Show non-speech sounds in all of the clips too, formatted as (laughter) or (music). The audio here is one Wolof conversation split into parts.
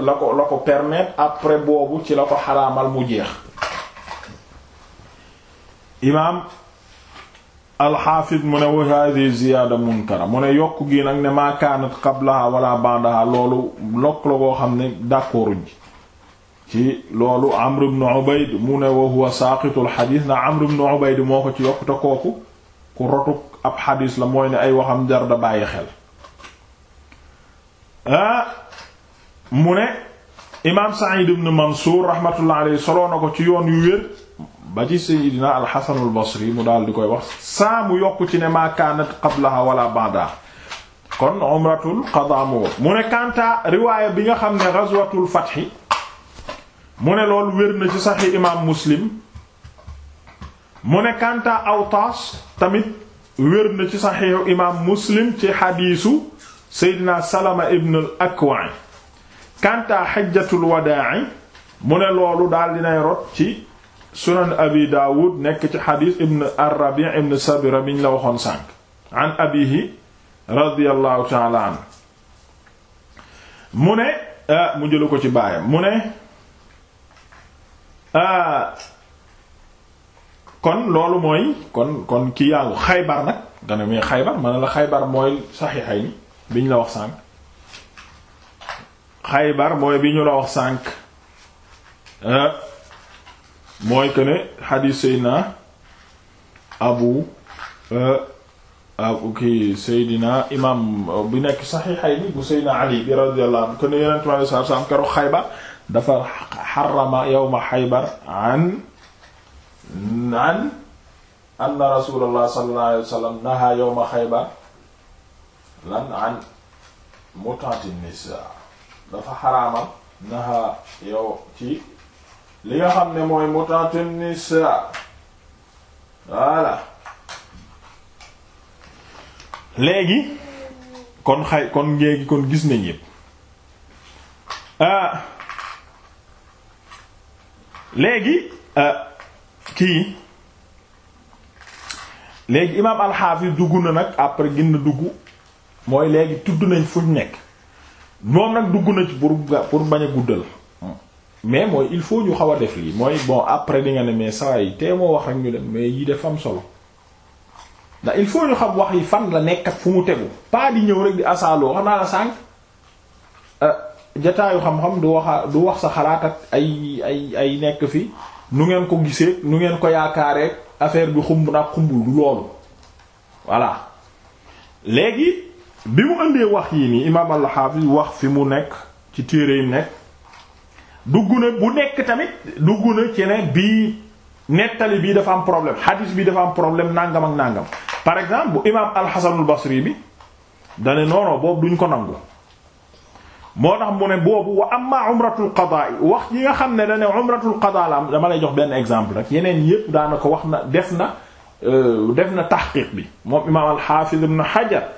la ko la après boobu ci la ko xaraamal mu jeex imaam alxaafis mu ne wa hadi ziyaada munkara mu ne yokk gi nag ne maa kaanat qablaha wala ba'daha loolu lokk la koo xam ne d'accorduñ ci loolu Amr ibn Ubayd mu ne wa huwa saaqitul xadiis na Amr ibn Ubayd moo ko ci yokk kooku ku rotu ab xadiis la mooy ne ay waxam jar da bàyyi xel ah, mu ne imaam Sa'id ibn Mansuur rahmatullah alayhi ko ci yoon yu wér ba ci Seydina al-Hasan mu daal di koy wax saa mu yokk ci ne maa kaanat qablaha wala ba'daha kon umratul qadaa mu mu ne kanta riwaaya bi nga xam ne ghazwatul fath mu ne loolu wér na ci saxi imaam Muslim mu ne kanta Awtaas tamit wér na ci saxiixu imaam Muslim ci xadiisu Seydina Salama ibn al-Akwa' kantaa xajjatul wadaa mu ne loolu daal dinay rot ci sunan abi daawud nekk ci xadiis ibn arrabi ibn sabira biñ la waxoon sànq an abihi radiallahu taala an mu ne ah, mu jëlu ko ci baayam mu ne ah, kon loolu mooy kon kon ki yàngu xaybar nag nga ne muy xaybar ma la xaybar mooy saxiixayn biñ la wax sànq xaybar mooy bi ñu la wax sànq eh? mooy que ne xadiis seydina abu eh, abu ki seydina imam bi nekk saxiixay bi bu seydina ali bi radiyallahu anhu que ne yonent mi sallallahu alayhi wasallam keroog xaybar dafa xarama yawma xaybar an an anna rasulullah sallallahu alayhi wasallam naha yawma xaybar lan an mutati nisa dafa xaraamal naha yow ci li nga xam ne mooy mutaatin nisa voilà léegi kon xay kon léegi kon gis nañ yépp ah. léegi ah, kii léegi imaam alxaafis dugg na nag après gin na dugg mooy léegi tudd nañ fuñ nekk moom nag dugg na ci pour bañ a guddal mais mooy il faut ñu xaw a def lii mooy bon après di ne mais saa yi tee moo wax rek ñu dem mais yi def fam solo ndax il faut ñu xam wax yi fan la nekk ak fu mu tegu paa di ñëw rek di asaaloo wax naa la sànq euh, jataayu xam-xam du waxa du wax sa xalaat ak ay ay ay nekk fi nu ngeen ko gisee nu ngeen ko yaakaaree affaire bi xumb nag xumbul du loolu voilà léegi bi mu indee wax yi nii imaam al-Hafiz wax fi mu nekk ci téere yi nekk dugg na bu nekk tamit dugg na ci ne bii nettali bii dafa am problème hadith bi dafa am problème nangam ak nangam par exemple bu imaam al-Hasan bi dane noono boobu duñ ko nangu moo tax mu ne boobu am amma umratul qadaa wax yi nga xam ne dane umratul qadaa la am dama lay jox benn exemple rek yeneen yépp daanaka wax na def na euh, def na taxqiq bi moom imaam al-Hafiz ibn Hajar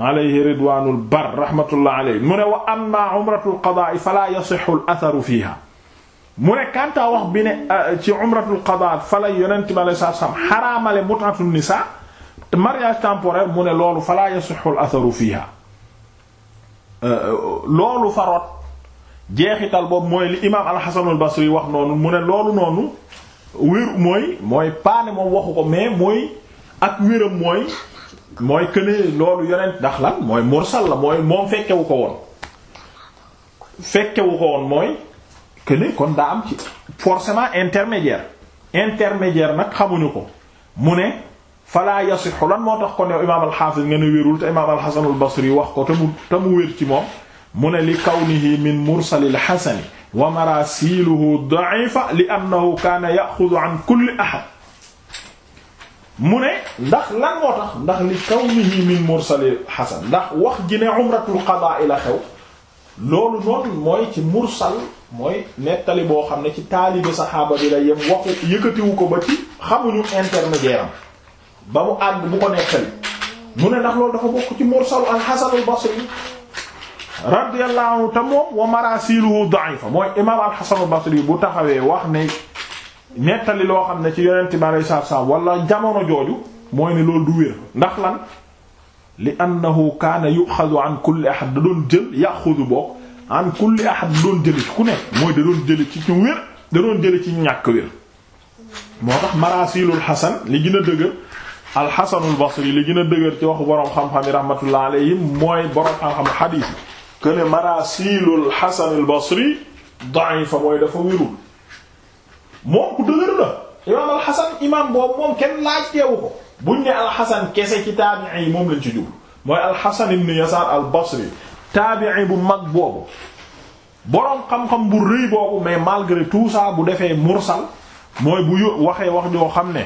alayhi ridwaanul bar rahmatullah alayhi mu ne wa amma umratul qadaa falaa yasihhu al atharu fiiha mu ne kanta wax bi ne eh, ci umratul qadaa fala yonent bi alayhi salaam xaraamale mut'atun nisaa mariage temporaire mu ne loolu falaa yasihhu al atharu fiiha eh, loolu faroot jeexital boobu mooy li imaam alxasanul basri wax noonu mu ne loolu noonu wér mooy mooy paane moom waxu ko mais mooy ak wéram mooy mooy këne loolu yonent ndax lan mooy mursal la mooy moom fekkewu ko woon fekkewu ko woon mooy këne kon daa am ci forcément intermédiaire intermédiaire nag xamuñu ko mu ne falaa yasixu lan moo tax kon yow imaam alxaafis nga ne wérul te imaam albasri wax ko te mu te mu wér ci moom mu ne li kawnihi min mursalil xasani wa marasiluhu da'ifa li annahu kaana yaxudu an kulli ahad mu ne ndax lan moo tax ndax li kawnihi min mursali xasan ndax wax ji ne umratul qadaa la xew loolu noonu mooy ci mursal mooy nettali boo xam ne ci taalibe saxaaba bi la yem waxu yëkkatiwu ko ba ci xamuñu intermédiaire ba mu àgg bu ko nettali mu ne ndax loolu dafa bokk ci mursalu al xasan al basri radiyallahu anhu te wa marasiluhu da'ifa mooy imam al xasan al basri bu taxawee wax ne nettali loo xam ne ci yonent bi aleyhi salaatu salaam wala jamono jooju mooy ne loolu du wér ndax lan li annahu kaana yuxadu an kulli ahad da doon jël yaxudu bokk an kulli ahad da doon jëli ku nekk mooy da doon jëli ci ñu wér da doon jëli ci ñàkk wér moo tax marasilul xasan li gën a dëgër alxasanul basri li gën a dëgër ci waxu boroom xam-xam yi rahmatullah alayhim mooy boroom xam-xam xadiis yi que ne marasilul xasanul basri da'ifa mooy dafa wérul moom ku dëgër la imaam alxasan imaam boobu moom kenn laaj teewu ko buñ ne alxasan kese ci taabi'i yi moom lañ ci jublu mooy alxasan ibn yasaar al basri taabi'i bu mag boobu boroom xam-xam bu rëy boobu mais malgré tout ça bu defee mursal mooy bu yo- waxee wax joo xam ne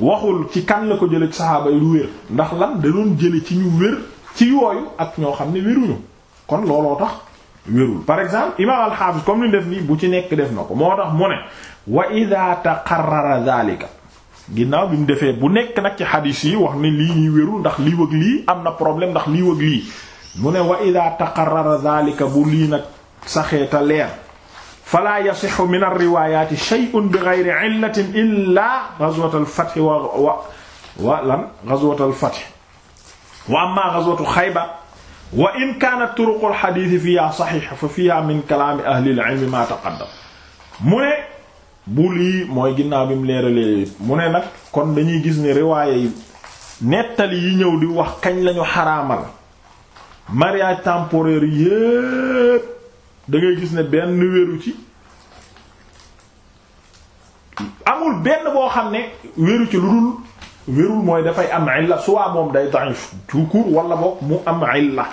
waxul ci kan la ko jële ci saxaaba yi du wér ndax lan da doon jële ci ñu wér ci yooyu ak ñoo xam ne wéruñu kon looloo tax wérul par exemple imam al-Hafiz comme ni def nii bu ci nekk def na ko moo tax mu wa ida taqarrara daalika ginnaaw bi mu defee bu nekk nag ci xadiis yi wax ne lii ñuy wérul ndax lii wëg lii am na problème ndax lii wëg lii mu ne wa ida taqarrara daalika bu lii nag saxeeta leer fala yasixu min alriwayati sheyun bi geyri illatin illa gazwat alfatxi wa wa wa lan gazwat alfatxi wa amma gazwatu xaybar wa in kaanat turuqu alxadiisi fiha saxiixa fa fiha min kalaami ahli alilmi ma taqaddam mu ne bu lii mooy ginnaaw bi mu leeralee mu ne nag kon dañuy gis ni riwaaye yi nettali yi ñëw di wax kañ lañu xaraamal mariage temporaire yépp da ngay gis ne benn wéru ci amul benn boo xam ne wéru ci lu dul wérul mooy dafay am illa soit moom day da'if tout court wala mu am la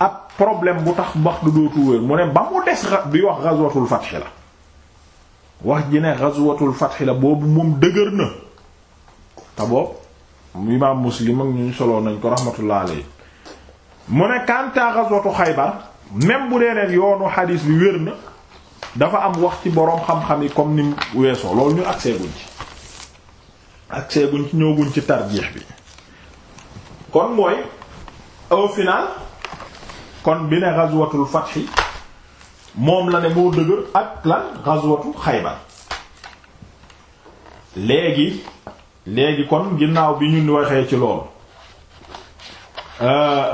ak problème bu tax bax du dootu wér mu ne ba mu des bi wax ghazwatul fath la wax ji ne ghazwatul fath la boobu moom dëgër na te boobu imaam muslim ak ñu solo nañ ko rahmatullah alayhi mu ne kanta ghazwatu xaybar même bu dee ne yoonu xadiis bi wér na dafa am wax ci boroom xam-xam yi comme ni weesoo loolu ñu agsee guñ ci agsee guñ ci ñëw guñ ci tarjiix bi kon mooy au final kon bi ne ghazwatul fath moom la ne moo dëgër ak lan ghazwatu Xaybar léegi léegi kon ginnaaw bi ñu waxee ci loolu euh,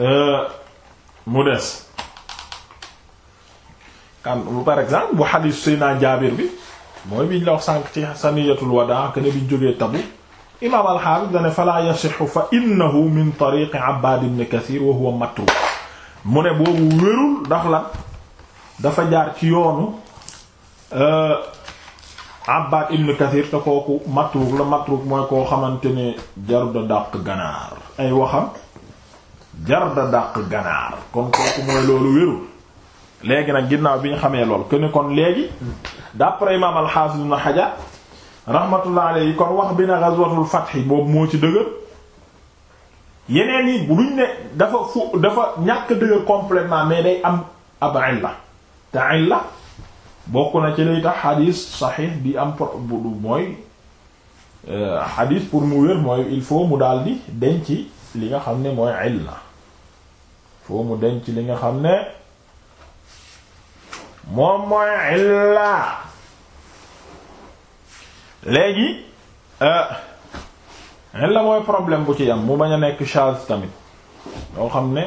euh, mu des kan par exemple bu xadiis Seydina Jaabir bi mooy biñ la wax sànq ci saniyatul wadaa que ne biñ jógee tabu imaam al-Hafiz dane fala yasixu fa innahu min tariqi Abbaad ibn Kasiir wa huwa matruk mu ne boobu wérul dax lan dafa jaar ci yoonu euh, Abbad ibn Kathir te kooku matruk la matruk mooy koo xamante ne jar dàq ganaar ay waxam jar da dàq ganaar kon kooku mooy loolu wérul léegi nag ginnaaw bi ñu xamee lool que ni kon léegi d'après imam al-Hafiz ibn Hajar rahmatullah alayhi kon wax bi na ghazwatul fath boobu moo ci dëgër yeneen yi bu duñ ne dafa fu dafa ñàkk dëgër complètement mais day am ab la te la bokk na ci lay tax xadis saxiix bi am pro mooy euh, xadis pour mu wér mooy il faut mu daal di denc li nga xam ne mooy illa faut mu denc li nga xam ne moom mooy illa léegi. Euh, xen la mooy problème bu ci am mu bañ a nekk charge tamit loo xam ne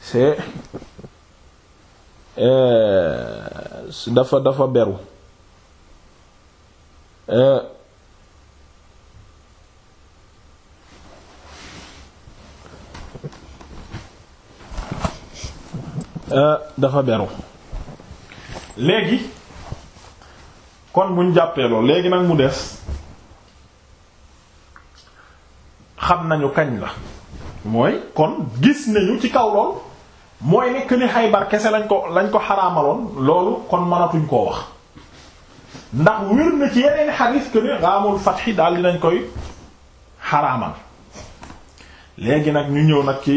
c'est euh, dafa dafa beru euh, euh, dafa beru léegi kon buñ jàppee loolu léegi nag mu des xam nañu kañ la mooy kon gis nañu ci kaw lool mooy nekk ni Xaybar kese lañ ko lañ ko xaraamaloon loolu kon mënatuñ koo wax ndax wér na ci yeneen xadiis que ne raamul fatxi daal lañ koy xaraamal léegi nag ñu ñëw nag ci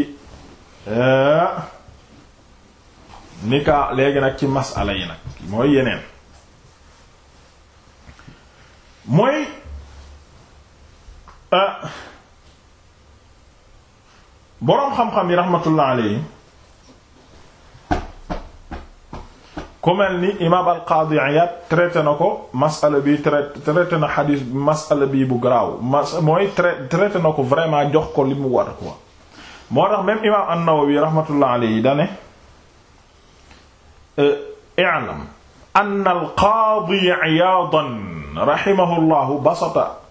ni euh, léegi nag ci masala yi nag mooy yeneen mooy euh, boroom xam yi rahmatullah alayhi ku mel ni imaam al-Qaadi Iyaad traité na ko masala bi traité traité na xadiis masala bi bu garaaw mas mooy traité na ko vraiment jox ko limu mu war quoi moo tax même imaam rahmatullah alayhi dane euh, i'lam anna al-Qaadi Iyaadan rahimahullahu basata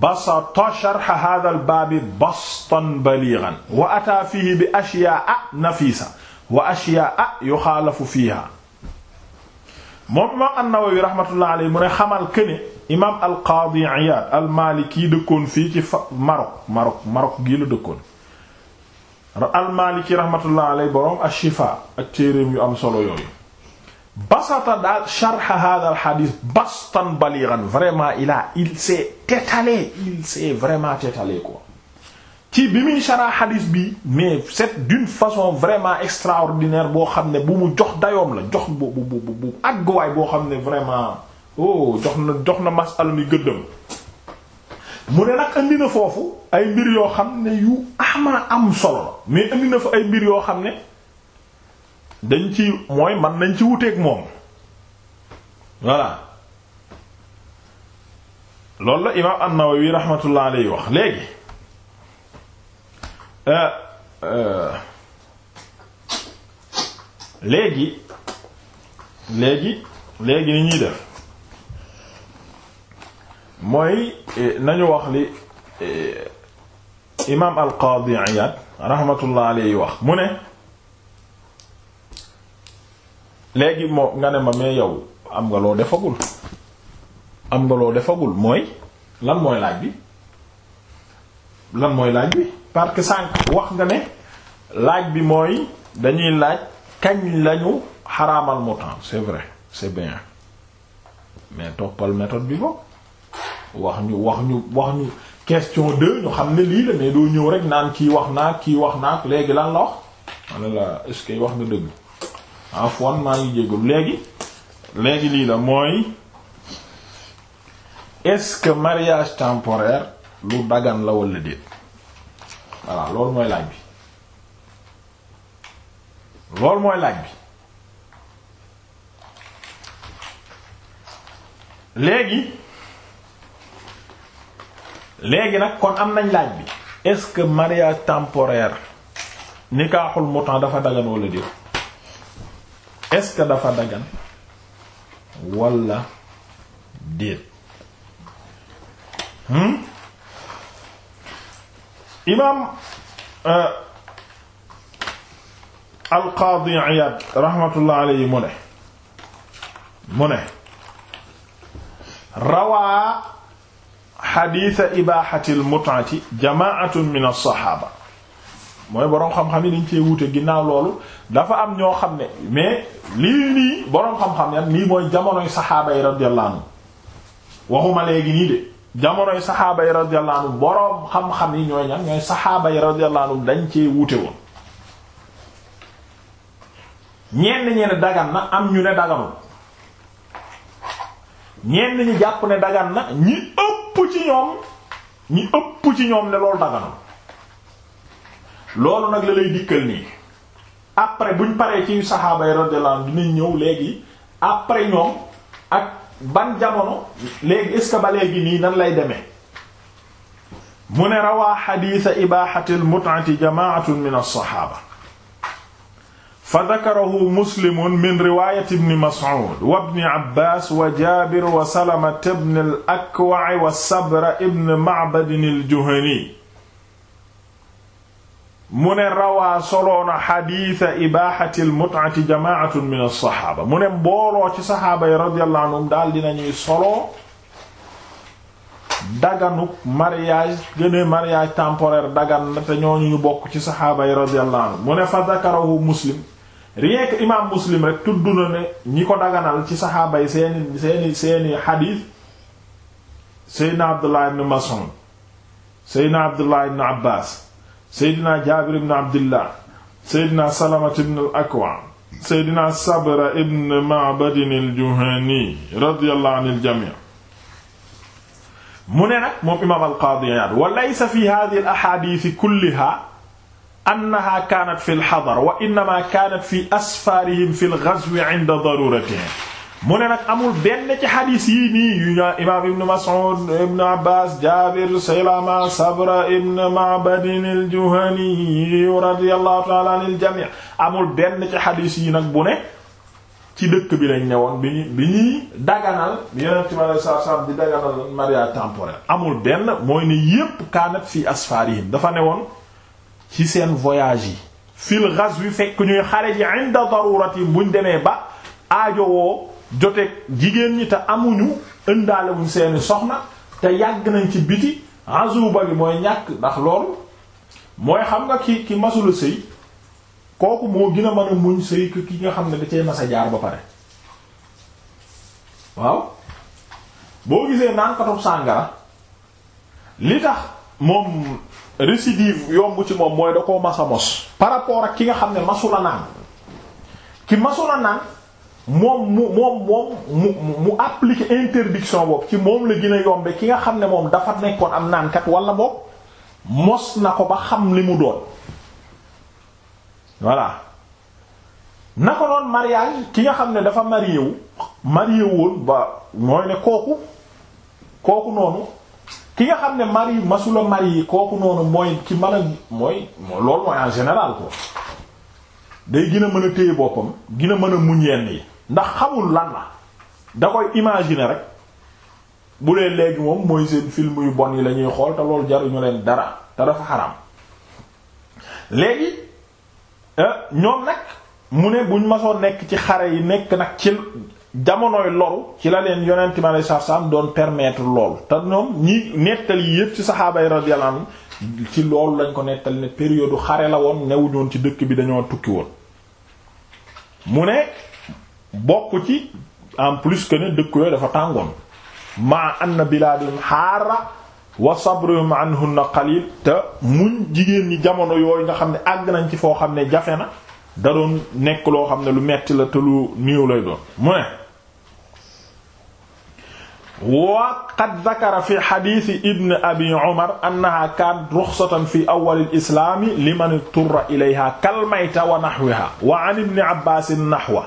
basata sharh hadha al baabi bastan balighan wa ataa fihi bi ashyaa nafisa wa ashyaa yuxaalafu fiha moom imaam an-Nawawi rahmatullah alayhi mu ne xamal këne imaam al-Qaadi Iyaad al-Maliki dëkkoon fii ci Maroc Maroc Maroc gii la dëkkoon al-Maliki rahmatullah alayhi boroom ash-Shifaa ak téereem yu am solo yooyu basata daal sharh hadha al hadith bastan balighan vraiment il a il s'est étalé il s'est vraiment étalé quoi ci bi muy shara hadith bi mais c'est d'une façon vraiment extraordinaire boo xam ne bu mu jox dayoom la jox bu bu bu bu àgguwaay boo xam ne vraiment oh jox na jox na masala mi gëddam mu ne nag andi na foofu ay mbir yoo xam ne yu ama am solo mais andi na fa ay mbir yoo xam ne. dañ ci mooy man nañ ci wuteeg moom voilà loolu la imaam an-Nawawi rahmatullah alayhi wax léegi euh, euh, léegi léegi léegi ni ñuy def mooy euh, nañu wax li imaam al-Qaadi Iyaad rahmatullah alayhi wax mu ne léegi moo nga ne ma mais yow am nga loo defagul am nga loo defagul mooy lan mooy laaj bi lan mooy laaj bi parce que sànq wax nga ne laaj bi mooy dañuy laaj kañ lañu xaraamal motan c'est vrai c'est bien mais toppal méthode bi bokk wax ñu wax ñu wax ñu question deux ñu xam ne lii la mais doo ñëw rek naan kii wax naa kii wax naa léegi lan la wax ma ne la est wax nga dëgg afwan maa ngi jégul léegi léegi lii la mooy est-ce mariage temporaire lu dagan la walla déet voilà loolu mooy laaj bi loolu mooy laaj bi léegi léegi nag kon am nañ laaj bi est-ce que mariage temporaire nikaaxul mutan dafa dagan walla déet est-ce que dafa dagan walla déet hmm? imaam uh, alqaadi Iyaad raxmatullah alayhi mu ne mu ne rawaa xadiisa ibaaxati almutaati jamaatun min alsaxaaba mooy boroom xam-xam yi dañ cee wuute ginnaaw loolu dafa am ñoo xam ne mais lii nii boroom xam-xam yan mooy jamonoy saxaaba yi radiyallahu anhu waxuma léegi nii de jamonoy saxaaba yi radiyallahu anhu boroom xam-xam yi ñooy ñan ñooy saxaaba yi radiyallahu anhu dañ cee wuute woon ñenn ñi ne dagan na am ñu ne daganul ñenn ñi jàpp ne dagan na ñi ëpp ci ñoom ñi ëpp ci ñoom ne loolu daganul loolu nag la lay dikkal nii après buñ paree ci saxaaba yi radiyallahu anhum dinañ ñëw léegi après ñoom ak ban jamono léegi est ba léegi nii nan lay demee mu ne rawaa xadiisa ibaxati almut'ati jamaatun min alsaxaaba fa dakarahu muslimun min riwayati ibni mas'ud wa ibni abbas wa jabir wa salamata ibn al akwa wa sabra ibn ma'bad al juhani mu ne rawaa soloona xadiisa ibaxati almutaati jamaatun min alsaxaaba mu ne mbooloo ci saxaaba yi radiyallahu anhum daal dinañuy soloo daganuk mariage gëne mariage temporaire dagan na te ñooñu ñu bokk ci saxaaba yi radiyallahu anhum mu ne fa muslim rien imaam muslim rek tudd na ñi ko daganal ci saxaaba yi seeni seeni seeni xadiis seydna abdullah ibn mas'ud seydna abdullah ibn abbas seydina jaabir ibn abdillah seydina salamat ibn al akwa seydina sabra ibn ma'badin al juhani radiyallahu anil jami' mu ne nag moom imaam al qaadi Iyaad wa laysa fi haadihi al ahaadiisi kullihaa annahaa kaanat fi al hadar wa innamaa kaanat fi asfaarihim fi al ghazwi 'inda daruuratihim mu ne nag amul benn ci xadiis yii nii yu ñaa imaam ibn Mas'ud ibn Abbaas Jaabir Salama Sabra ibn Ma'bad al-Juhani radiyallahu ta'ala anil jami' amul benn ci xadiis yi nag bu ne ci dëkk bi lañ newoon bi bi ñuy daganal Yonent bi alayhi di daganal mariage temporaire amul benn mooy ne yépp kaanat fii asfaarihim dafa newoon ci seen voyage yi fil ghazwi fekk ñuy xare ji inda darurati buñ demee ba aajowoo joteeg jigéen ñi te amuñu ëndaalewuñ seeni soxna te yàgg nañ ci biti azuba bi mooy ñàkk ndax loolu mooy xam nga ki ki masula sëy kooku moo gën a mën a muñ sëy ki nga xam ne da cee masa jaar ba pare waaw boo gisee naan katub li tax moom récidive yomb ci moom mooy da koo masa mos par rapport ak ki nga xam ne masula naan ki masula naan moom mu moom moom mu mu appliquer interdiction boobu ci moom la gën a yombe ki nga xam ne moom dafa nekkoon am naankat wala boog mos na ko ba xam li mu doon voilà na ko noon mariage ki nga xam ne dafa marié wu marié woon ba mooy ne kooku kooku noonu ki nga xam ne mari masula mari kooku noonu mooy ci mën a mooy loolu mooy en général ko day gën a mën a téye boppam gën a mën a muñ yenn yi ndax xamul lan la da koy imaginer rek bu dee léegi moom mooy seen film yu bon yi lañuy xool te loolu jaruñu leen dara te dafa xaram léegi euh, ñoom nag mu ne buñ masoo nekk ci xare yi nekk nag ci jamonoy loru ci la leen yonent mi alayhi salaatu salaam doon permettre lool te ñoom ñi nettali yépp ci saxaaba yi radiyallahu ci loolu lañ ko nettali ne période xare la woon newuñoon ci dëkk bi dañoo tukki woon mu ne bokk ci en plus que ne dëkk yooyu dafa tàngoon ma anna bilaadun xaara wa sabruhum anhunna qalil te muñ jigéen ñi jamono yooyu nga xam ne àgg nañ ci foo xam ne jafe na da doon nekk loo xam ne lu metti la te lu niiw lay doon mu wa qad dakara fi xadiisi ibn abi umar annaha kaanat ruxsatan fi awwal islaam liman turra ilayha kal mayta wa naxwiha wa an ibn abbaas naxwa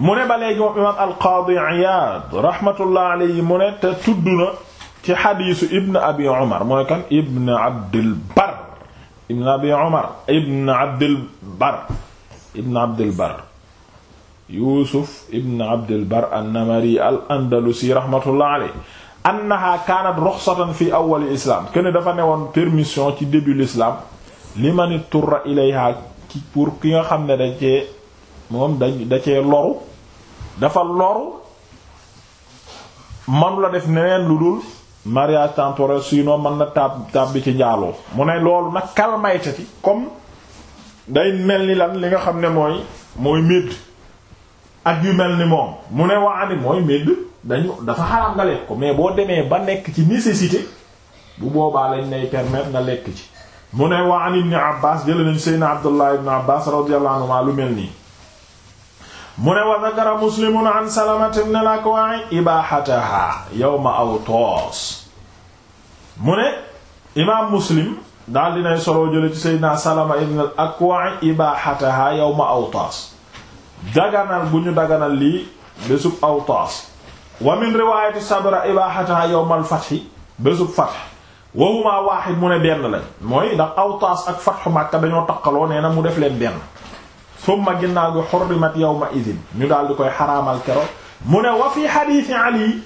mu ne ba léegi moom imaam alqaadi Iyaad rahmatullah alayhi mu ne te tudd na ci xadiisu ibn abi Umar mooy kan ibn Abdul Bar ibn abi Umar ibn Yuusuf ibn Abdul Bar an-Namari al-Andalusi rahmatullah alayhi kaanat ruxsatan fi awwal islam kenn dafa newoon permission ci début l'islam liman turra ilayha pour ki nga xam ne dañ cee moom dañ da cee loru dafa loru manu la def neneen lu dul mariage temporaire sinon mën na tab tab bi ci njaaloo mu ne loolu nag kalmaytati comme day mel ni lan li nga xam ne mooy mooy médd ak yu mel ni moom mu ne waa ani mooy médd dañu dafa xaraam nga lekk ko mais boo demee ba nekk ci nécessité bu boobaa lañ lay permettre na lekk ci mu ne waa an ibni abbas jëla nañ seydna abdullah ibni abbas radiyallahu anhu lu mel nii mu ne wa zakara muslimun an salamata ibn al-Akwa' ibaahataha yawma Awtaas mu ne imaam muslim daal dinay soloo jële ci sayyidina salama ibn al-Akwa' ibaahataha yawma Awtaas daganal bu ñu daganal lii bésub Awtaas wa min riwaayati sabra ibaahataha yawma al-fathi bésub fath wa huma waahid mu ne benn lañ mooy ndax aw Awtaas ak fathu Makka dañoo taqaloo nee na mu def leen benn summa ginnaaw gi xurrimat yawma idin ñu daal di koy xaraamal kero mu ne wa fi xadiisi ali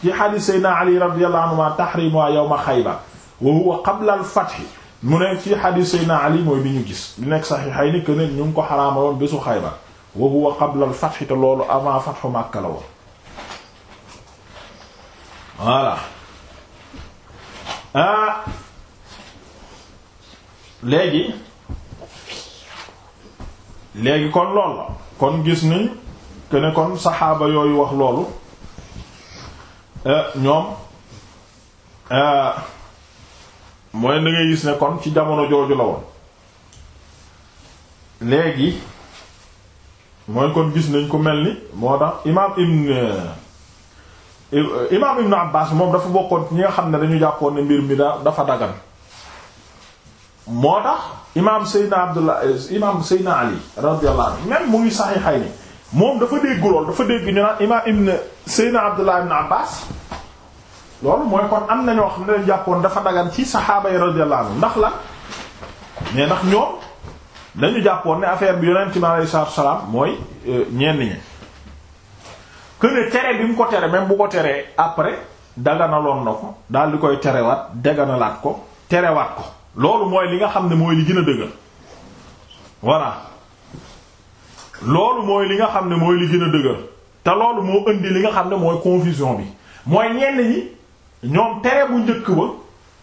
ci xadiis seydna ali radiyallahu anhu ma tahrimuha yawma xaybar wa huwa qabla al fath mu ne ci xadiis seydna ali mooy bi ñu gis di nekk saxiixayni que ne ñu ngi ko xaraamaloon bésu xaybar wa huwa qabla al fath te loolu avant fathu Makka la woon voilà ah. léegi léegi kon lool la kon gis nañ que kon saxaaba yooyu wax loolu euh, ñoom euh, mooy da gis ne kon ci jamono jooju la woon léegi mooy kon gis nañ ku mel ni moo tax imaam ibn euh, imaam ibn Abbas moom dafa bokkoon ñi nga xam ne dañu jàppoon ne mbir mi dafa dagan moo tax imaam Seydina Abdullah imaam Seydina Ali radiyallahu anhu même mu ngi saxiixay ni moom dafa dégg lool dafa dégg ñu naan imaam ibn Seydina Abdullah ibn Abbas loolu mooy kon am na ñoo xam ne dañu jàppoon dafa dagan ci saxaaba yi radiyallahu ndax la mais ndax ñoom dañu jàppoon ne affaire bi yonent mi alayhi salaam mooy euh, ñenn ñi que ne tere bi mu ko tere même bu ko teree après daganaloon na ko daal di koy terewaat daganalaat ko terewaat ko. loolu mooy li nga xam ne mooy li gën a dëgër voilà loolu mooy li nga xam ne mooy li gën a dëgër te loolu moo indi li nga xam ne mooy confusion bi mooy ñenn ñi ñoom tere bu njëkk ba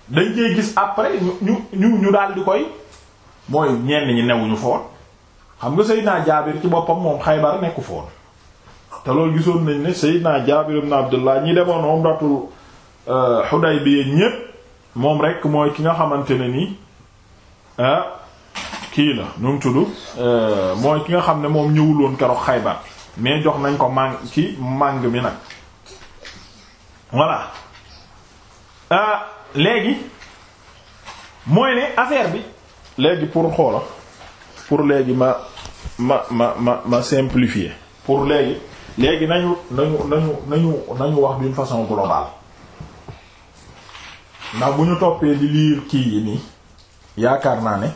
dañ cee gis après ñu ñu ñu daal di koy mooy ñenn ñi newuñu foon xam nga naa Jaabir ci boppam moom Xaybar nekku foon te loolu gisoon nañ ne naa Jaabir ibn Abdullah ñi demoon umratul euh, Hudaybiya ñépp moom rek mooy ki nga xamante ne ni ah, kii la nu mu tudd eh, mooy ki nga xam ne moom ñëwul woon keroog Xaybar mais jox nañ ko màng ci màng mi nag voilà ah, léegi mooy ne affaire bi léegi pour xoola pour léegi ma ma ma ma ma simplifier pour léegi léegi nañu nañu nañu nañu nañu wax d'une façon globale ndax bu ñu toppee di lire kii yi nii yaakaar naa ne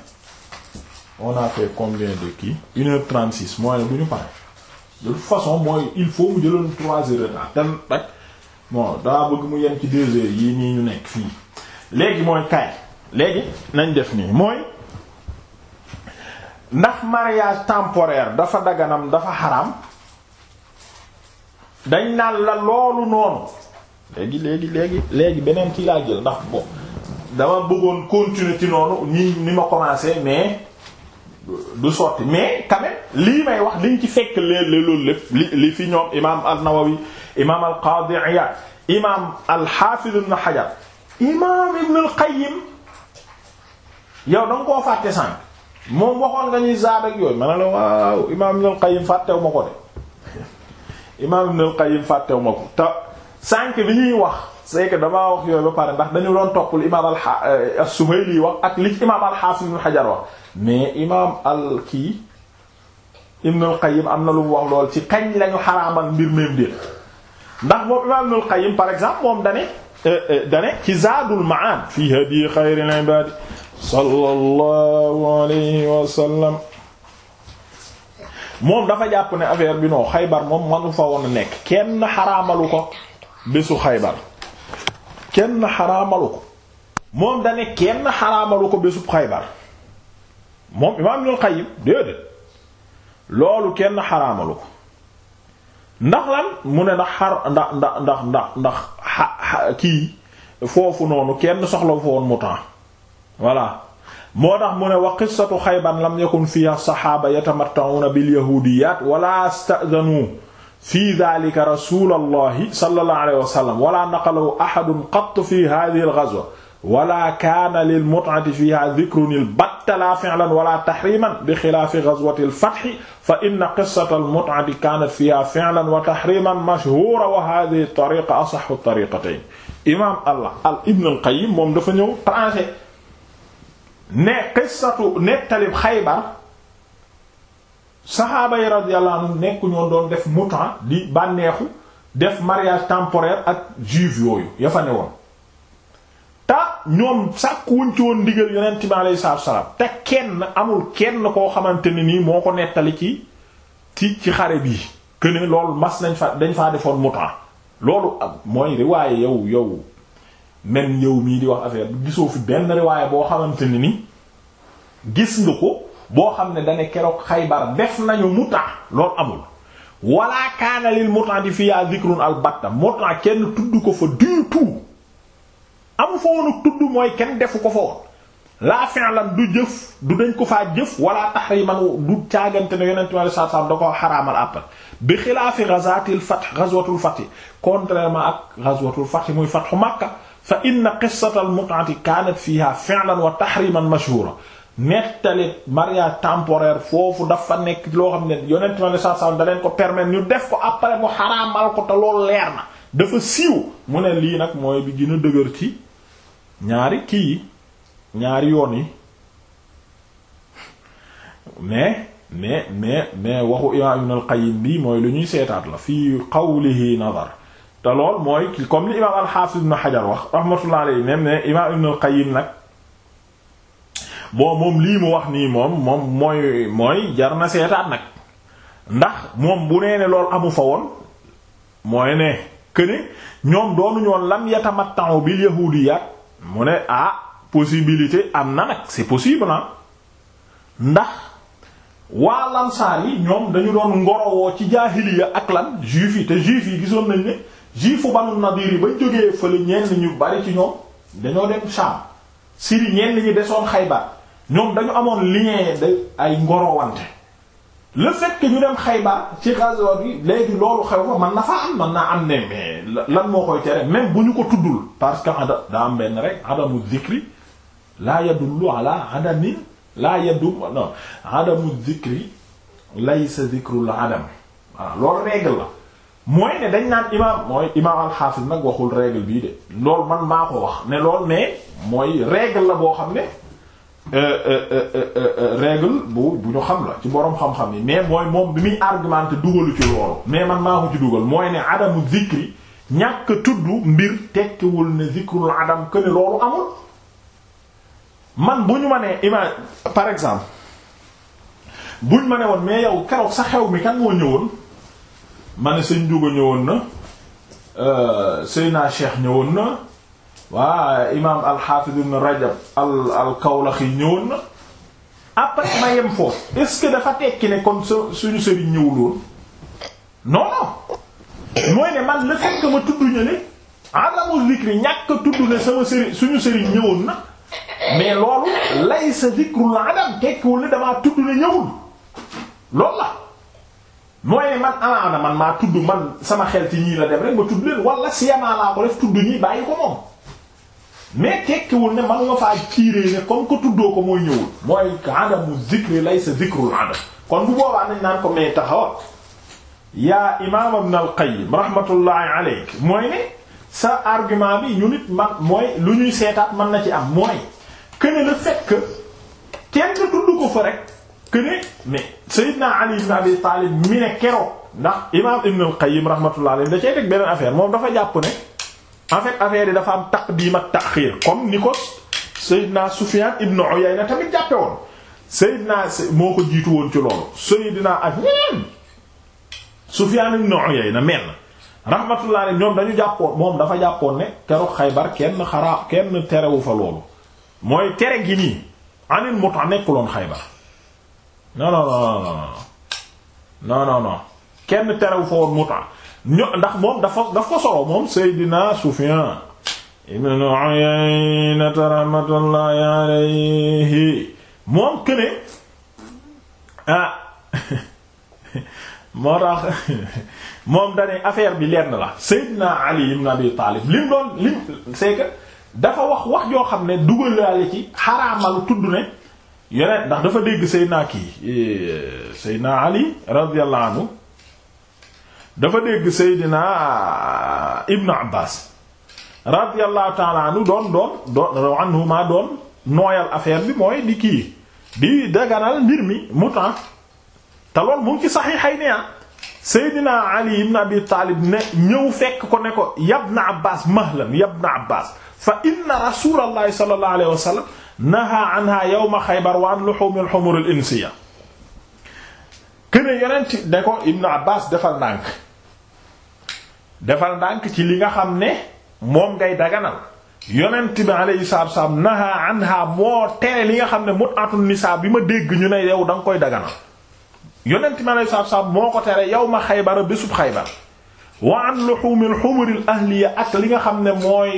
on a fait combien de kii une heure trente mooy bu ñu pare de toute façon mooy il faut mu jëloon trois heures retard ten rek bon daa bëgg mu yem ci deux heures yii nii ñu nekk fii léegi mooy kaay léegi nañ def nii mooy ndax mariage temporaire dafa daganam dafa xaram dañ naan la loolu noonu léegi léegi léegi léegi beneen kii laa jël ndax bon dama bëggoon continuer ci noonu ñi ni ma commencé mais du sotti mais quand même lii may wax liñ ci fekk leen loolu lépp li li fi ñoom imaam an-Nawawi imaam al-Qadi Iyad imaam al-Hafiz ibn Hajar imaam ibn al-Qayyim yow da nga koo fàtte sànq moom waxoon nga ñuy zaad ak yooyu imaam ibn al-Qayyim fàttewu ko de (laughs) imaam ibn al-Qayyim fàttewu ko ta sànq bi ñuy wax c'est que wax yooyu ba pare ndax dañu doon toppal imaam al-Suhayli euh, wax ak li imaam al-Hafiz ibn Hajar wax mais imaam al kii Ibn al-Qayyim am na lu mu ci kañ lañu xaraamal mbir même déet ndax moom imaam Ibn al-Qayyim par exemple moom dane euh, euh, dane ci Zaadul Ma'aad fi hadyi xayril ibaad sallallahu moom dafa jàpp ne affaire bi non Xaybar moom manu fa woon a nekk kenn xaraamalu ko. bésu xaybar kenn xaramalu ko moom dane kenn xaraamalu ko bésub xaybar moom imaam Ibnul Qayyim déedéet loolu kenn xaraamalu ko ndax lan mu ne ndax xar ndax ndax ndax kii foofu noonu kenn soxla fowoon mu temps voilà moo tax mu ne wa qissatu xaybar lam yakun fiha saxaaba yatamatta'una bil yahudiyaat wala sta'dhanu fi dhalika rasulallahi sallallahu alayhi wa sallam wala naqalahu ahadun qatt fi hadhihi al-ghazwa wala kaana lil mut'ati fiha dhikrun al-batta la fi'lan wala tahriman bi khilaafi ghazwati al-fath fa inna qissata al-mut'ati kaanat fiha fi'lan wa tahriman mashhuura wa hadhihi at-tariqa asahhu at-tariqatayn imaam allah al ibn al-Qayyim moom dafa ñëw tranché ne qissatu nettalib Xaybar saxaaba yi radiyallahu anhum nekku ñoo doon def mutan di bànneexu def mariage temporaire ak juif yooyu ya fa ne woon ta ñoom sàkk wuñ ci woon ndigal yonent bi alayhi salaatu salaam te kenn amul kenn koo xamante ne nii moo ko nettali ci ci ci xare bi que loolu mas nañ fa dañ faa defoon mutan loolu mooy riwaaye yow yow même yow mii di wax affaire bi gisoo fi benn riwaaye boo xamante ne ni gis nga ko boo xam ne dane keroog xaybar def nañu muta loolu amul wala kaana lil muta di fiya zikrun al batta ko fa du tout amu fa woonu tudd mooy kenn defu ko fa woon laa fi'lan du jëf du dañ ko faa jëf wala tahriman du caagante ne yonente mi alei satu salaam da ko xaraamal àppal bi xilaafi ghazatil fath ghazwatul fath contrairement ak ghazwatul fath muy fathu makka fa inna qissata al mut'ati kanat fiha fi'lan wa tahriman mashhura nettali mariage temporaire foofu dafa nekk loo xam ne yonent ma ne sasam da leen ko permettre ñu def ko après mu xaraamal ko te lool leer na dafa siiw mu ne lii nag mooy bi gën a dëgër ci ñaari kii yi ñaari yoon yi mais mais mais mais waxu imaam Ibn al-Qayyim bi mooy lu ñuy seetaat la fii qawlihi nadar te lool mooy comme li imaam al-Hafiz Ibn Hajar wax rahmatullah alayhi même ne imaam Ibn na qayyim nag bon moom lii mu wax nii moom moom mooy mooy jar na seetaat nag ndax moom bu nee ne loolu amu fa woon mooy ne këne ñoom doonuñu woon lam yatamatta'u bil yahudiyaat mu ne ah possibilité am na nag c'est possible ah ndax waa lansaar yi ñoom dañu doon ngorowoo ci jaahiliya ak lan juif yi te juif yi gisoon nañ ne juifu banu nadir yi bañ jógee fële ñenn ñu bari ci ñoom dañoo dem Sham Syrie ñenn ñi desoon Xaybar ñoom dañu amoon lien de ay ngorowante le fait ñu dem Xaybar ci gazwa bi léegi loolu xew fa man na faa am man naa am ne mais lan moo koy tere mais bu ñu ko tuddul parce que adam daa am benn rek adamu zikri laa yadullu ala adamin laa yaddu non adamu zikri laysa zikrul adam waaw loolu règle la mooy ne dañ naan imaam mooy imaam alxaafis nag waxul règle bii de loolu man maa ko wax ne loolu mais mooy règle la boo xam ne Euh, euh, euh, règle bu bu ñu xam la ci boroom xam-xam yi mais mooy moom bi muy argumenté dugalu ci loolu mais man maa ko ci dugal mooy ne adamu zikri ñàkk tudd mbir tekkiwul ne zikrul adam que loolu amul man bu ñu ma nee image par exemple bu ñu ma ne woon mais yow keroog sa xew mi kan moo ñëwoon ma ne sëñ Ndiouga ñëwoon na Seyna Cheikh ñëwoon na waa imaam al-Hafiz ibn Rajab al al-Kawlaxi ñëwoon na après ma yem foofu est-ce dafa tekki ne kon suñu sëriñ ñëwul woon non non mooy ne man le fait ma tudd ñu ne adamu a tudd ne sama sëriñ suñu sëriñ ñëwoon mais loolu laysa zikrul adam tekkiwul ne damaa tudd ne ñëwul loolu la mooy ne man alaana ah, man maa tudd man sama xel ci ñii la dem rek ma tudd leen wala siyamaa laa ko def tudd ñii bàyyi ko moom. mais tekkiwul ne man nga faa ciiree ne comme ko tuddoo ko mooy ñëwul mooy adamu zikri laysa zikrul adam ko mais taxawal yaa imaam ibn al qayyim rahmatullahi alayk mooy ne sa argument bi ñu nit man mooy lu ñuy seetaat mën na ci am mooy que ne le fait que kenn tudd ko fa rek que ne mais Seydina Ali ibn Abi Talib mi ne keroog ndax imaam ibn al qayyim rahmatullahi alayhi da cey teg beneen affaire moom dafa jàpp ne en fait affaire yi dafa am taqdim ak taxir comme ni ko Seydina Sufyan ibn na tamit jàppe woon Seydina moo ko jiitu woon ci loolu Seydina ak ñeneen Sufyan ibn Uyayna men rahmatullah alayhi ñoom dañu jàppoon moom dafa jàppoon ne keroog Xaybar kenn xaraa kenn terewu fa loolu mooy tere gi nii anil muta nekkuloon Xaybar non non non non non non non kenn terewu fa woon muta ño ndax moom dafa daf ko solo moom Seydina Sufyan ibn Uyayna rahmatullahi alayhi moom këne ah, (laughs) moo tax (laughs) moom dane affaire bi lenn la Seydina Ali ibn Abi Talib lim doon lim c'est dafa wax wax joo xam ne dugalaale ci xaraamalu tudd ne yeneen ndax dafa dégg Seydina kii eh, Seydina Ali radiyallahu anhu dafa dégg Seydina Ibn Abbas radiyallahu taala anhu doon doon doon anhuma doon nooyal affaire bi mooy di kii di daganal mbir mi muta te lool mu ngi ci saxiixay ne ah Seydina Ali ibn Abi Taalib ne ñëw fekk ko ne ko yabna Abbas mahlan yabna Abbas fa inna rasulallahi sallallahu alayhi wa sallam naha anha yawma Xaybar wa an luhumil humuril insiya kene yonent ne ko Ibn Abbas defal nànk defal ndànk ci li nga xam ne moom ngay daganal yonent bi alayhi salaatu wasallam naha anha moo tere li nga xam ne mut'atun nisaa bi ma dégg ñu ne yow danga koy daganal yonent bi alayhi salaatu wasallam moo ko tere yow ma xaybara bésub xaybar wa an luhumil humuril ahliya ak li nga xam ne mooy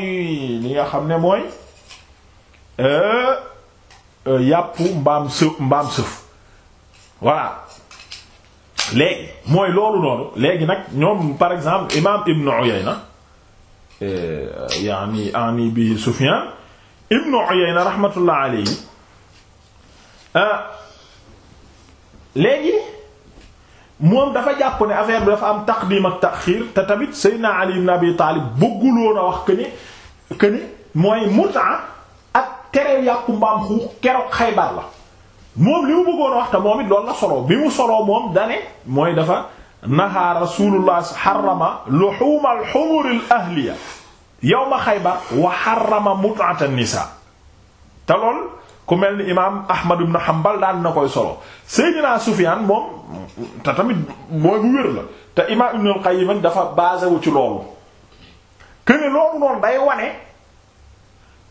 li nga xam ne mooy euh, euh, yàppu mbaam sëf mbaam sëf voilà léegi mooy loolu noonu léegi nag ñoom par exemple imam Ibn Uyayna eh, yaani ani bi Sufyan Ibn Uyayna rahmatullah alayhi ah, léegi moom dafa jàpp ne affaire bi dafa am taqdim ak taxir te tamit Seydina Ali ibn Abi Talib bëgguloon a wax que ni que ni mooy muta ak tere yàqu mbaam xuux keroog Xaybar la moom li mu bëggoon wax te moom it loolu solo bi mu solo moom dane mooy dafa nahaa rasulullah xarama luxuuma alxumur al ahliya xaybar wa xarama mut'at an nisa te lool ku mel ni imaam ahmad ibn hanbal daan na koy solo seydinaa sufyaan moom te tamit mooy bu wér la te imaam ibn al dafa basé wu ci loolu këne loolu noonu day wane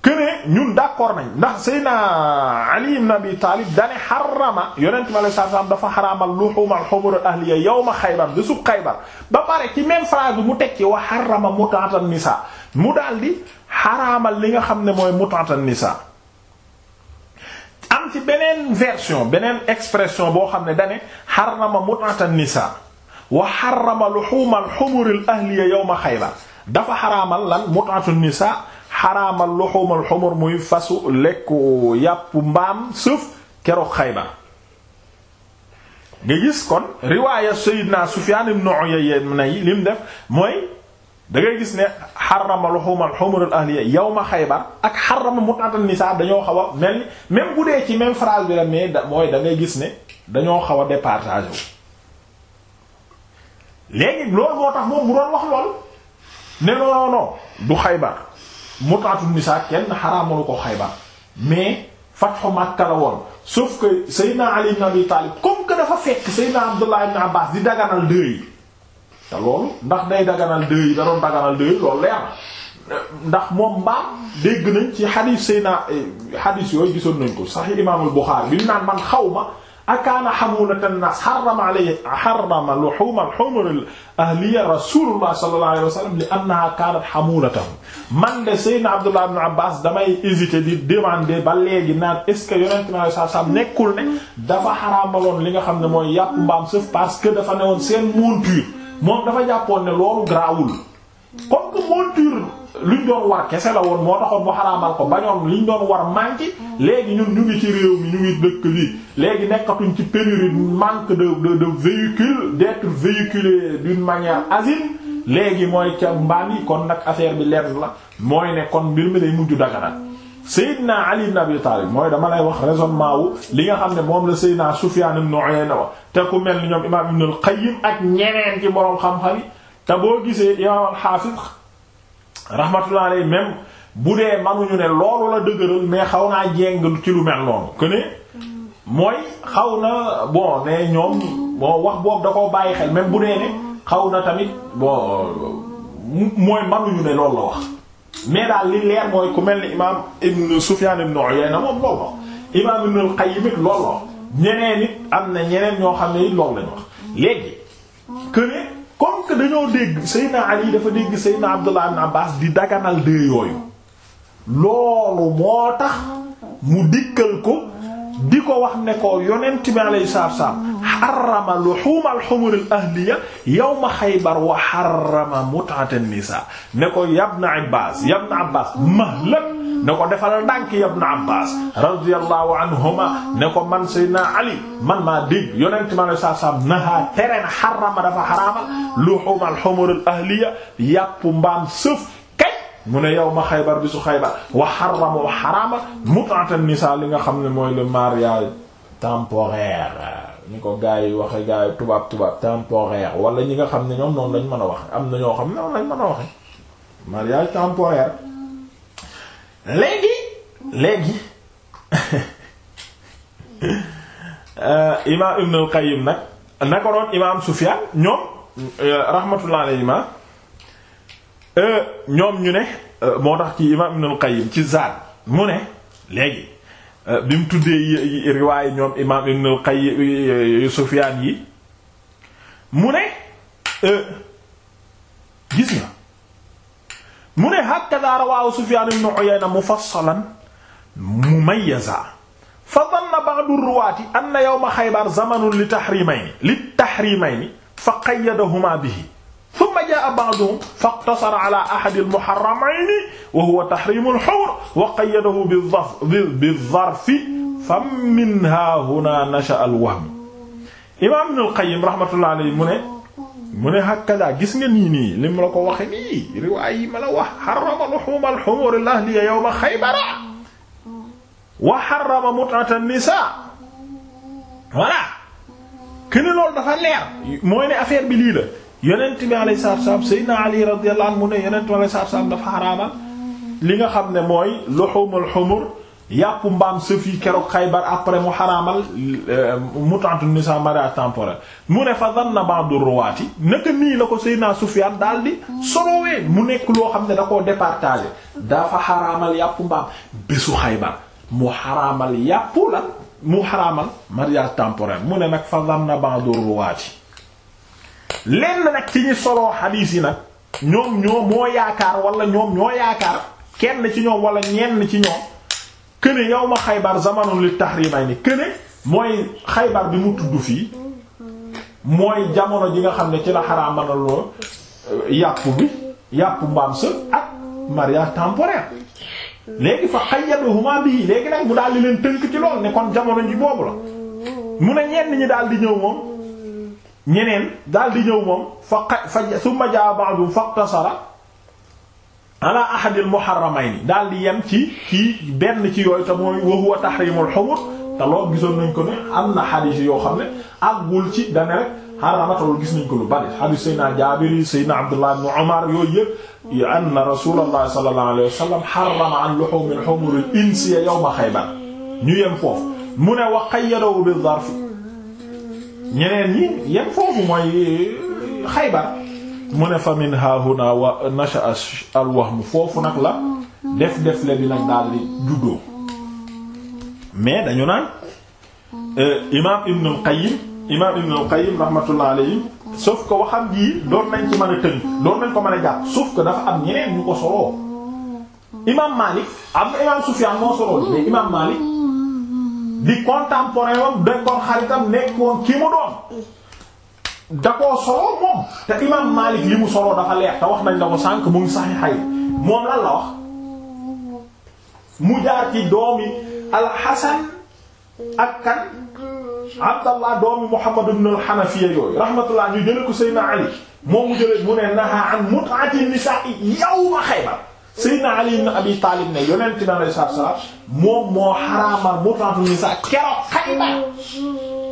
kënee ñun d'accord nañ ndax Seydina Ali ibn Abi Taalib dane xarama yonent bi alayhi salaam dafa xaraamal luhum al-humur al-ahliya yawma Xaybar bi su Xaybar ci même phrase bi mu tekki mu daldi xaraamal li nga xam ne mooy mut'atan nisaa beneen version beneen expression boo xam ne dane xarama mut'atan nisaa wa xarama luhum al-humur al-ahliya yawma dafa xaraamal lan mut'atun nisaa xaramal luxumal xumur muy fasu lekku yàpp mbaam suuf keroog Xaybar nga gis kon riwaaya Seydina naa ibn Uyayna li mu def mooy da gis ne xarama luxumal xumur al ahliya yawma Xaybar ak xarama mut'atan nisaa dañoo xaw a mel ni même bu dee ci même phrase bi la mais da mooy da ngay gis ne dañoo xaw a départagé wu léegi wax lool ne non du Xaybar mutatu nisa kenn xaraamalu ko Xaybar mais fatxu Makka la woon sauf que Seydina Ali ibn Abi Talib comme que dafa fekk Seydina Abdullah ibn Abbas di daganal dëy te loolu ndax day daganal dëy da doon daganal dëy ndax moom mbaam dégg nañ ci xadiis Seydina eh, xadiis yooyu gisoon nañ ko sax yi imaamul Buxaari bi ñu man xaw ma akaana xamuunata naas xarama alayhi xarama luxuuma alxumur ahliya rasulullah sallallahu alayhi wa sallam li annaha kaanat xamuunatahum man de Seydina Abdullah ibn Abbas damay hésiter di demander ba léegi naan est ce que yonent mi alayhi salaam nekkul ne dafa xaraamaloon li nga xam ne mooy yàpp mbaam sëf parce que dafa newoon seen monture moom dafa jàppoon ne loolu garaawul comme que monture. luñ doon war kese la woon moo taxoon mu xaraamal ko bañoon liñ doon war manqué léegi ñun ñu ngi ci réew mi ñu ngi dëkk lii léegi nekkatuñ ci pénurie manque de de de véhicule d'être véhiculé d'une léegi mooy ca mbaam yi kon nag affaire bi leer la mooy ne kon mbir mi day mujj daganal Seydina Ali ibn Abi Talib mooy dama lay wax raisonnement wu li nga xam ne moom la Seydina Sufyan ibn Uyayna wa te ku mel ni ñoom imaam Ibn al-Qayyim ak ñeneen ci boroom xam-xam te boo gisee imaam al rahmatullah alayhi même bu dee manuñu ne loolu la dëgëral mais xaw naa jéng ci lu mel noonu que mooy xaw na bon ne ñoom bon wax boobu da koo bàyyi xel même bu dee ne xaw na tamit bon mooy manuñu ne loolu la wax mais daal li leer mooy ku mel ni imaam Ibn Sufyan ibn Uyayna moom loolu wax imaam Ibn al-Qayyim it loolu wax ñeneen it am na ñeneen ñoo xam ne it loolu wax léegi que comme que dañoo dégg Seydina Ali dafa dégg Seydina Abdullah ibn Abbas di daganal de yooyu loolu moo tax mu dikkal ko di ko wax ne ko yonent bi alayhi salaatu salaam xarama luhumal humuril ahliya yawma xaybar wa xarama mut'atan nisaa ne ko yabna Abbaas yabna Abbaas mahlak ne ko defal ndànk yabna Abbaas radiyallahu ne ko man Seydina Ali man maa dégg yonent bi alayhi salaatu salaam nahaa tereen xarama dafa xarama luhumal humuril ahliya yàpp mbaam sëf mu ne yow ma xaybar bi su xaybar wa xaramoo xaraama mut'at an-nisa li nga xam ne mooy le mariage temporaire ñu ko gars yi waxe gars yi tubaab tubaab temporaire wala ñi nga xam ne ñoom noonu lañ mën a wax am na ñoo xam ne noonu lañ mën a waxe mariage temporaire léegi léegi (laughs) euh, imaam Ibn al nag na ko doon imaam Sufyaan ñoom euh, rahmatullah alayhi ñoom ñu ne euh, moo tax ci imaam Ibn al ci Zaad mu ne léegi euh, bi mu tuddee riwaayu ñoom imaam Ibn al-Qayyim Sufyaan yi mu ne euh, gis nga mu ne hakaza rawaahu Sufyaan ibn Uyayna mufassalan mumayyaza fa dhanna ba'du ruwaati anna yawma Xaybar zamanun li tahrimayni li tahrimayni fa qayyadahuma bihi thumma jaa ba'duhum faqtasara ala ahadi al-muharramayni wa huwa tahrimu al-humr wa qayyadahu bi-dharfi fa min haahunaa nasha'a al-wahm. imaam Ibn al-Qayyim rahmatullahi alayhi mu ne mu ne hakadaa gis nga nii nii li mu la ko waxee nii riwaay yi ma la wax harrama luhuuma al-humuuri al-ahliya yawma Khaybar wa harrama mut'ata an-nisaa voilà. que ne loolu dafa leer mooy ne affaire bi lii la. yeneen bi alayhi salaatu salaam Seydina Ali radiyallahu anhu mu ne dafa xaraamal li nga xam ne mooy luhumul humur yàpp mbaam sëf keroog Xaybar après mu xaraamal euh, mut'atu nisa mariage temporaire mu ne fa zanna ba'du ruwaati naka nii la ko Seydina Sufyaan daal di solowee mu nekk loo xam ne dakoo koo départagé dafa xaraamal yàpp mbaam bésu Xaybar mu xaraamal yàpp la mu xaraamal mariage temporaire mu ne nag fa zanna ba'du ruwaati lenn nag ci ñi soloo xadiis yi nag ñoom ñoo moo yaakaar wala ñoom ñoo yaakaar kenn ci ñoom wala ñenn ci ñoom këne yow ma xaybar zamanu li tahrimay ni këne mooy xaybar bi mu tudd fii mooy jamono ji nga xam ne ci la xaraamanaloo euh, yàpp bi yàpp mbaam sa ak mariage temporaire léegi fa xayyaduhuma bii léegi nag mu daal di leen tënk ci lool ne kon jamono ji boobu la mu ne ñenn ñi daal di ñëw moom ñeneen daal di ñëw moom fa fa summa jaa ba'du faqtasara ala ahadil daal di yem ci kii benn ci yooy te mooy wa huwa tahrimul humur te gisoon nañ ko ne am na yoo xam ne àggul ci dane rek xaramatalul gis nañ ko lu bari xadiis Seydina Jaabir Seydina Abdullah ibn Umar yooyu yëpp anna rasulullah sallallahu alayhi wa sallam harrama an luhumil humuril insi yawma Xaybar ñu yem foofu mu ne wa qayyadahu bi zarf ñeneen yi yem foofu mooy euh, Xaybar mu ne fa min hahuna wa nasha al wahmu foofu nag la def def bi nag daal di juddoo mais dañu naan euh, imaam Ibn al-Qayyim imaam Ibn al-Qayyim rahmatullah alayhi sauf waxam jii doon nañ ci mën a tënk doon nañ ko mën a jàpp sauf que dafa am ñeneen ñu ko soloo imaam Maalik am imaam Sufyaan moo soloo mais imaam Maalik di contemporain wam dekkoon xaritam nekkoon ki mu doon da koo soloo te imam Malik li mu soloo dafa leer te wax nañ la ko sànq mu ngi saxi xay moom lan la wax mu jaar ci doomi alxasan ak kan Abdallah doomi Muhammad ibn al-Hanafiya yooyu rahmatullah ñu jële ko Seydina Ali moom mu jëlee mu ne naha an mut'ati nisa'i yawma Xaybar Seydina Ali ibn Abi Taalib ne yonent na lay saab saab moom moo xaraamal mut'atu nisaa keroog Xaybar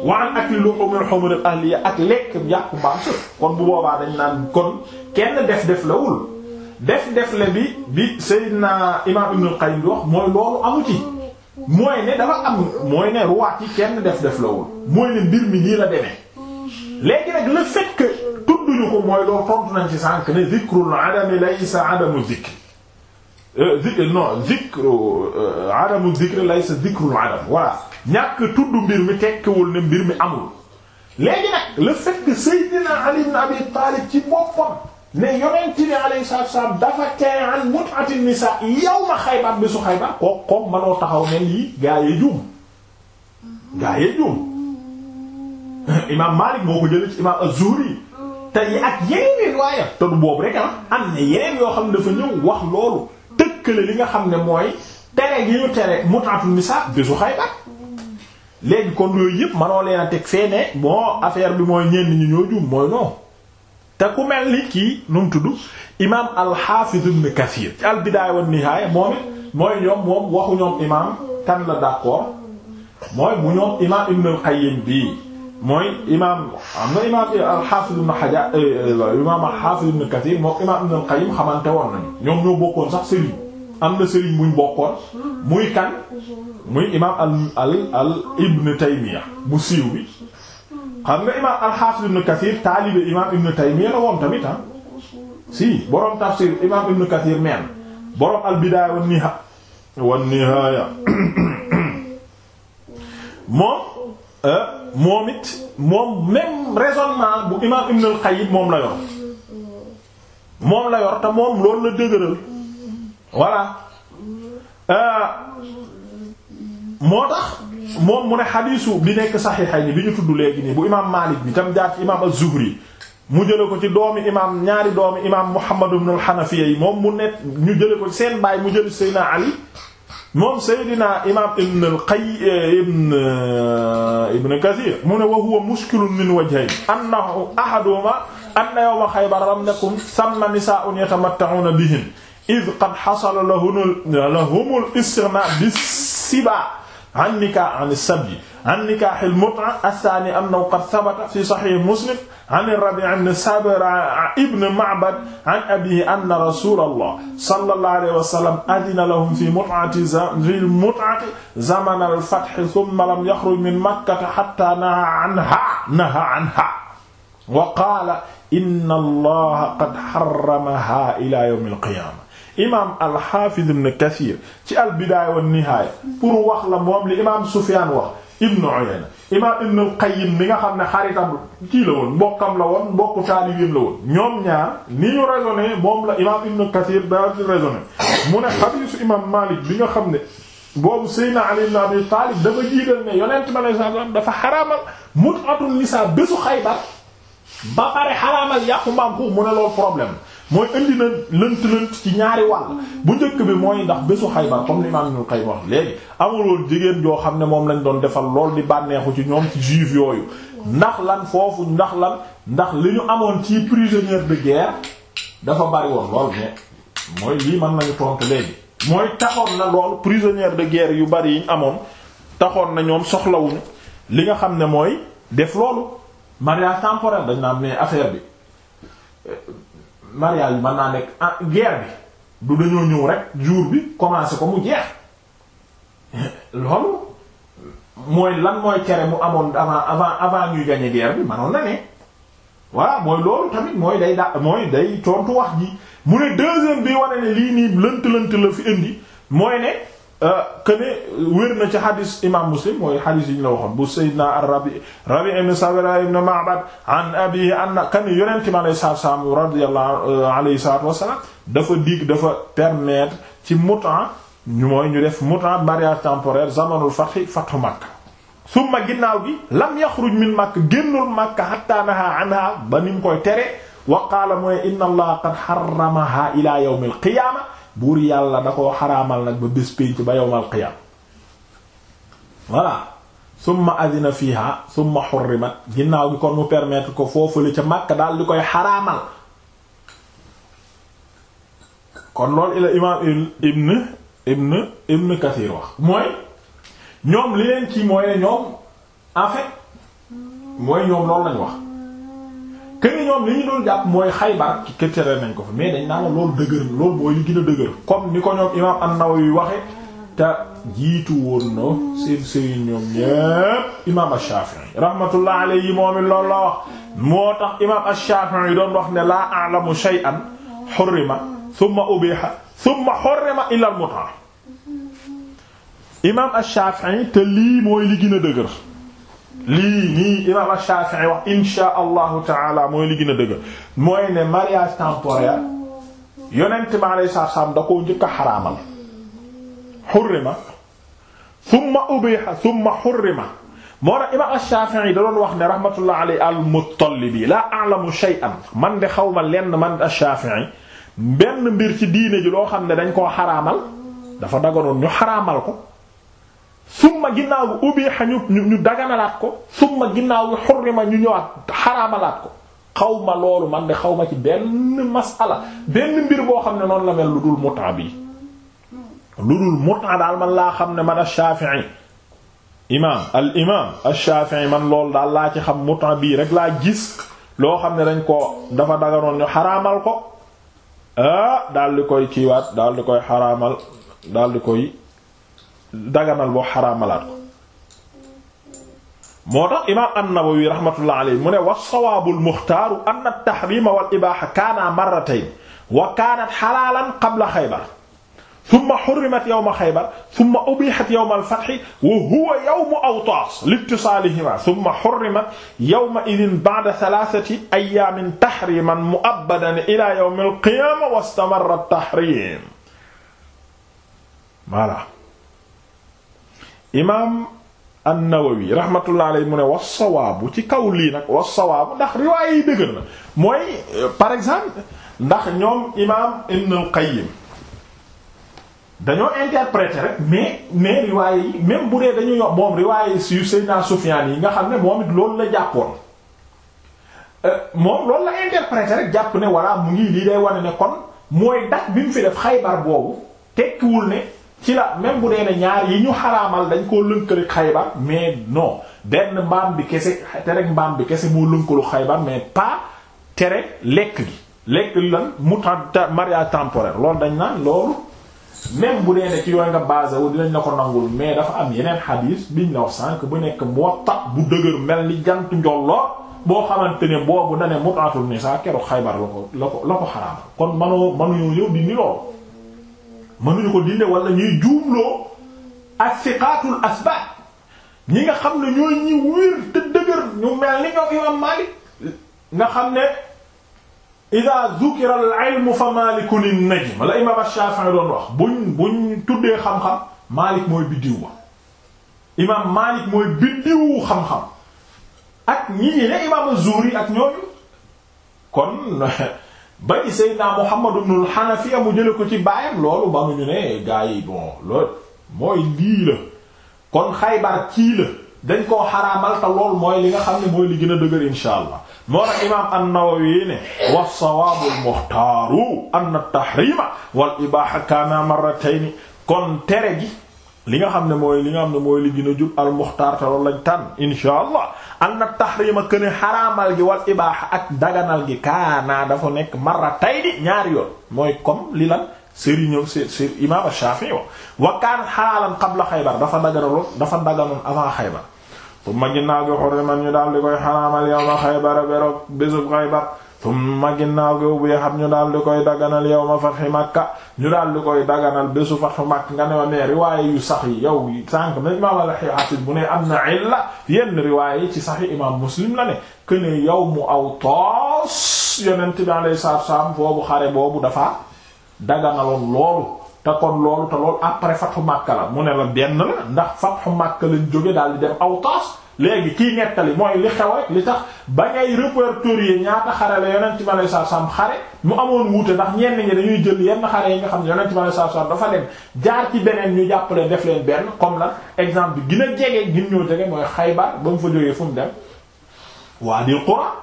wa an akli luhumil humur ahliya ak lekk yàqu mbaam kon bu boobaa dañ naan kon kenn def def la wul def def la bi bi Seydina Imaam Ibn al-Qayyim mooy loolu amu mooy ne dafa am mooy ne ruwaat yi kenn def def la wul mooy ne mbir mi nii la demee léegi nag le fait que tudduñu ko mooy loolu tontu nañ ci sànq ne zikrul adami laysa adamu zikr Euh, zikr non zikru euh, adamu zikr laysa zikrul adam voilà ñàkk tudd mbir mi tekkiwul ne mbir mi amul léegi nag le fait que Seydina Ali ibn Abi Talib ci boppam ne yonent ni alayhi salaatu wasallam dafa tere an mut'atin nisaa yawma Xaybar bésu Xaybar ko koom manoo taxaw ne lii gaa yee juum gaa yee juum (laughs) imaam Maalik moo ko jëlee ci imaam Az-Zuhri te yi ak yeneen riwaaya te du boobu rek ah am na yeneen yoo xam ne dafa ñëw wax loolu li nga xam ne mooy tere gi ñu tere mutaatul nisaa bésu Xaybar léegi kon yooyu yëpp manoo leen teg fee ne bon affaire bi mooy ñenn ñi ñoo jum mooy non te ku mel ni kii nu mu tudd imaam al-Hafiz Ibn Kathir ci al-Bidaaya wa Nihaaya moom mooy imaam eh, eh, imaam Ibn xamante woon nañu ñoom ñoo bokkoon sax sëriñ. am na sëriñ buñ bokkoon muy kan muy imaam al al al ibn taymiya bu siiw bi xam nga imaam al-Hafiz ibn Kathir taalibe imaam ibn Taymiya la woon tamit ah si borom tafsir imaam ibn Kathir meen borom al-Bidaaya wan Niha wan Nihaaya (coughs) moom euh, moom it moom même raisonnement bu imaam ibn al-Qayyim moom la yor moom la yor te moom loolu la dëgëral. voilà euh, moo tax moom mu ne xadiisu bi nekk saxiixa ni bi ñu tudd léegi nii bu imaam Maalik bi tam jaar ci imaam az-Zuhri mu jële ko ci doomi imaam ñaari doomi imaam Muhammad ibn al-Hanafiyya yi moom mu nekk ñu jële ko seen baay mu jële Seydina Ali moom Seydina imaam Ibn al-Qayyim euh, Ibn Kathir mu ne wa huwa mushkilun min wajhayn annahu ahaduhuma anna yawma Khaybar lam yakun samma nisaa'un yatamatta'una bihin id qad xasala lahumul istighnaa bis-sibaa an nikaah an sabyi an nikaah al-mut'a ath-thaani annahu qad thabata fi sahih muslim an ar-Rabi' ibn Sabra ibn Ma'bad an abiihi anna rasuulallah sallallahu alayhi wa sallam adhina lahum fi mut'ati fi mut'ati zaman al-fath thumma lam yakhruj min makkata hatta nahaa anhaa nahaa anhaa wa qaala inna allaha qad harramahaa ilaa yawm al-qiyaamah imaam al-Hafiz ibn Kathir ci al-Bidaya wa Nihaya pour wax la moom li imaam Sufyan wax ibn Uyayna imaam ibn al-Qayyim mi nga xam ne xaritam kii la woon mbokkam la woon mbokku taalibeem la woon ñoom ñaar ni ñu raisonné moom la imaam ibn Kathir daa ci mu ne hadiisu imaam Malik bi nga xam ne boobu Seydina Ali ibn Abi Talib dafa jiital ne yonent bi alayhi salaam dafa xaraamal mut'atun nisaa bésu Xaybar ba pare xaraamal yàqu xuux mu ne loolu problème mooy indi na lënt-lënt ci ñaari wàll bu njëkk bi mooy ndax bésu Xaybar comme li l'imam ñu Qayyim wax léegi amuloon jigéen joo xam ne moom lañ doon defal lool di bànneexu ci ñoom ci juif yooyu ndax lan foofu ndax lan ndax li ñu amoon ci prisonnier de guerre dafa bari woon lool mais mooy lii man nañu tontu léegi mooy taxoon na lool prisonnier de guerre yu bari yi amoon taxoon na ñoom soxlawuñu li nga xam ne mooy def loolu mariage temporaire dañ naa mais affaire bi mariage bi mën naa nekk ah guerre bi du dañoo ñëw rek jour bi commencé ko mu jeex (laughs) loolu mooy lan mooy cere mu amoon avant avant avant ñuy gagner guerre bi manoon na ne voilà mooy loolu tamit mooy day da mooy day tontu wax ji mu ne deuxième bi wane ne lii nii lënt lënt la fi indi mooy ne. këne euh, wér na ci xadis imam muslim mooy xadis yi ñu la waxoon bu sayyidina ar-rabi rabi ibn sabra ibn ma'bad an abihi anna këne yonente mi alayhi salaatu wasalaam radiyallahu alayhi salaatu wasalaam dafa dig dafa permettre ci muta ñu mooy ñu def muta mariage temporaire zamanul fathi fathu makka summa ginnaaw gi lam yaxruj min makka génnul makka hatta naha anha ba ni mu koy tere wa qaala mooy inna allaha qad harramaha ila yawmil qiyaamah buur yàlla da koo xaraamal nag ba bés pénc ba yowmal qiyam voilà summa adina fiha summa xurrimat ginnaaw gi kon mu permettre ko foofu li ca Makka daal di koy xaraamal kon loolu ila imaam ibn ibn ibn Kathir wax mooy ñoom li leen kii mooy ñoom en mooy ñoom loolu lañ wax këni ñoom li ñu doon jàpp mooy Xaybar ki këtëre nañ ko fa mais dañ naa loolu dëgër loolu mooy li gën a dëgër comme ni ko ñoom imaam An-Nawawi waxe te jiitu woon na seen sëriñ ñoom ñépp imaam Ash-Shafi'i rahmatullah alayhi moom it loolu moo tax imaam Ash-Shafi'i doon wax ne laa a'lamu shay'an hurrima thumma ubiha thumma hurrima illa al-mut'a imaam Ash-Shafi'i te lii mooy li gën a dëgër lii nii imaam Shafi'i wax insha allahu taala mooy li gën a dëgg mooy ne mariage temporaire yonent bi alayhi salaam da koo njëkk a xaraamal xurrima thumma ubiha imaam Shafi'i da doon wax ne rahmatullah alayhi al-Muttalibi laa a'lamu shay'an man de xaw ma lenn man benn mbir ci diine ji loo xam ne dañ koo xaraamal dafa daganoon ñu xaraamal ko. ginnaaw gi ubiha ñu ñu daganalaat ko summa ginnaaw gi xurrima ñu ñëwaat xaraamalaat ko xaw ma loolu xaw ma ci benn masala benn mbir boo xam ne noonu la lu dul mutaa bi lu dul daal man laa xam ne man ash-Shafi'i imaam al imaam ash-Shafi'i man lool daal laa ci xam mutaa bii rek laa gis loo xam ne dañ ko dafa daganoon ñu xaraamal ko ah daal di koy kiiwaat daal di koy xaraamal daal koy daganal boo xaraamalaat ko moo tax imaam an-Nawawi rahmatullah alayhi mu ne wa sawaabul muxtaaru anna at-tahriima wal ibaaha kaana marratayn wa kaanat xalaalan qabla xaybar summa xurrimat yawma xaybar summa ubiihat yawma al-fathi wa huwa yawmu awtaas li-ittisaalihima summa xurrimat yawma idin ba'da salaasati ayyaamin tahriiman mu'abbadan ilaa yawmi al-qiyaama wastamarra at-tahriim voilà imaam an-Nawawi rahmatullahi alayhi mu ne was sawaabu ci kaw lii nag was sawaabu ndax riwaay yi dëgër na mooy euh, par exemple ndax ñoom imaam Ibn al-Qayyim dañoo interpréter rek mais mais riwaay yi même bu dee dañu yo moom riwaay yu Seydina Sufyaan yi nga xam ne moom it loolu la jàppoon euh, moom loolu la interpréter jàpp ne walla mu ngi lii day wane ne kon mooy dax bi mu fi def Xaybar boobu tekkiwul ne. ci la même bu dee ne ñaar yi ñu xaraamal dañ koo lënkale xaybar mais non benn mbaam bi kese tereg mbaam bi kese moo lënkalu xaybar mais pas tere lekk gi lekk li lan muta mariage temporaire loolu dañ naan loolu même bu dee ne ci yooy nga basé wu dinañ la ko nangul mais dafa am yeneen xadiis biñ la wax sànq bu nekk moo tax bu dëgër mel ni jant njolloor boo xamante ne boobu na ne mutaatul nisaa keroog xaybar la ko la ko la kon manoo manuñoo yow di mënuñu ko dinde wala ñuy juumloo ak siqaatul asbaat ñi nga xam ne ñooy ñi wér te ñu mel ni ñoom imam Maalik nga xam ne ida zukira al ilmu fa malikun an najm la imam Shafi'i doon wax buñ buñ tuddee xam-xam Maalik mooy biddiw ba imam Maalik mooy biddiw xam-xam ak ñi ne imam Zuhri ak ñooñu kon (laughs) ba ci Seydina Muhammad ibn hanafiya mu jële ko ci baayam loolu ba ñu ne gars yi loolu mooy lii la kon Xaybar kii la dañ koo xaraamal te lool mooy li nga xam ne mooy li gën a dëgër insha allah moo tax imaam an-Nawawi ne wa sawaabu al-muxtaaru anna at-tahriima wal ibaaha kaana marratayni kon tere gi li nga xam ne mooy li nga xam ne mooy li gën a jub almuxtaar te loolu lañ tànn insha allah an na taxrima këne xaraamal gi wal ibaaxa ak daganal gi kaanaa dafa nekk marra tay di ñaari yoon mooy comme li lan sëriñam së së imaam Shaafi'i wa wa kaan xalaalan qabla xaybar dafa daganaloon dafa daganoon avant xaybar tumma ginnaaw gi xorriman ñu daal di koy xaraamal yawma xaybar beroog bésub xaybar tumma ginnaaw géw bi xam ñu daal di koy daganal yow ma fatxi makka ñu daal di koy daganal bésu fatxi makka nga ne ma nee riwaayé yu sax yi yow sànq nañ ma wala xaatit bu ne am na illa yenn riwaayé yi ci saxi imam muslim la ne que ne yow mu aw toos yonent bi alayhi salaatu salaam xare boobu dafa daganaloon loolu te kon loolu te loolu après fatxu makka la mu ne la benn la ndax fatxu makka lañ jóge daal dem aw toos léegi kii nettali mooy li xew rek li tax ba ngay répertorier ñaata xare la yonent bi alayhi salaam xare mu amoon wuute ndax ñenn ñi dañuy jël yenn xare yi nga xam ne yonent bi alayhi salaam dafa dem jaar ci beneen ñu jàppale def leen benn comme la exemple bi gën a jege gin ñoo jege mooy Xaybar ba mu fa jógee fu mu dem Waadil Qura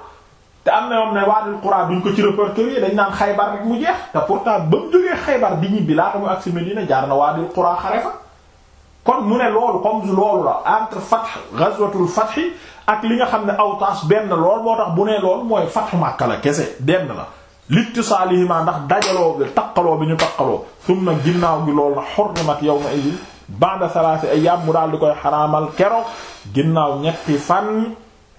te am na yoon ne Waadil Qura duñ ko ci répertorier dañ naan Xaybar rek mu jeex te pourtant ba mu jógee Xaybar bi ñibbi laata mu agsi jaar na Waadil Qura xare kon mu ne loolu comme loolu la entre fath ghazwatul fath ak li nga xam ne Awtaas benn lool moo tax bu ne loolu mooy fath Makka la kese benn la litisaalihima ndax dajaloo bi taqaloo bi ñu taqaloo summa ginnaaw gi loolu na hurrimat yawma idin ba'da thalathi ayyam mu daal di koy xaraamal keroog ginnaaw ñetti fan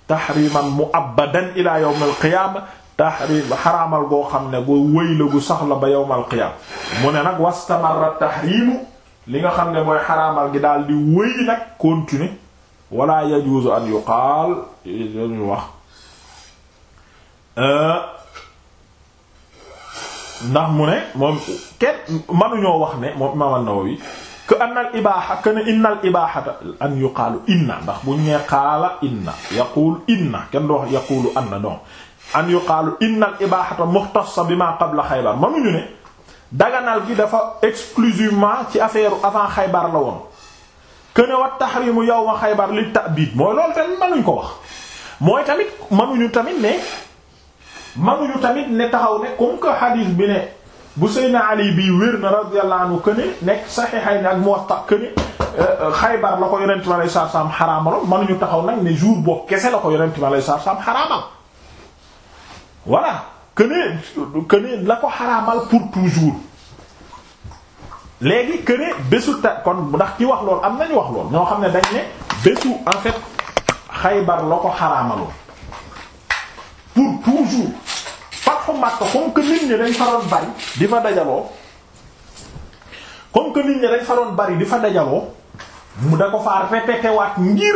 tahriman mu'abbadan ila yawmil qiyamah tahrim xaraamal goo xam ne goo wëy la gu sax la ba yawmal qiyamah mu ne nag wastamarra tahrimu li nga xam ne mooy xaraamal gi daal di wéy nag continuer wala yajuzu an yuqaal dañu wax euh, ndax mu ne moom kenn mënuñoo wax ne moom imaam an-Nawawi que anna al ibaaxa que ne inna al ibaaxata an yuqaalu inna ndax bu ñu nee qaala inna yaquulu inna kenn du wax yaquulu anna donc an yuqaalu inna al ibaaxata muxtassa bi ma qabla Xaybar mënuñu ne daganal gi dafa exclusivement ci affaire avant xaybar la woon këne wat tahrimu yawma xaybar li ta'bid mooy loolu tamit manuñ ko wax mooy tamit manuñu tamit ne manuñu tamit ne taxaw ne comme que hadith bi ne bu Seydina Ali bi wér na radiyallahu anhu këne nekk saxiixay ni ak Muwatta këne euh, xaybar la ko yonent bi alayhi salaam xaraamaloon manuñu taxaw nag ne jour boobu kese la ko yonent bi alayhi salaam xaraamal voilà que ne la ko xaramal pour toujours léegi que bésu ta kon ndax ki wax lool am nañu wax lool ñoo xam ne dañ ne bésu en fait Xaybar la ko xaraamaloon pour toujours fatxu Makka comme que nit ñi fa doon bari di fa dajaloo comme que nit ñi fa doon bari di fa dajaloo mu da ko faa répété ngir.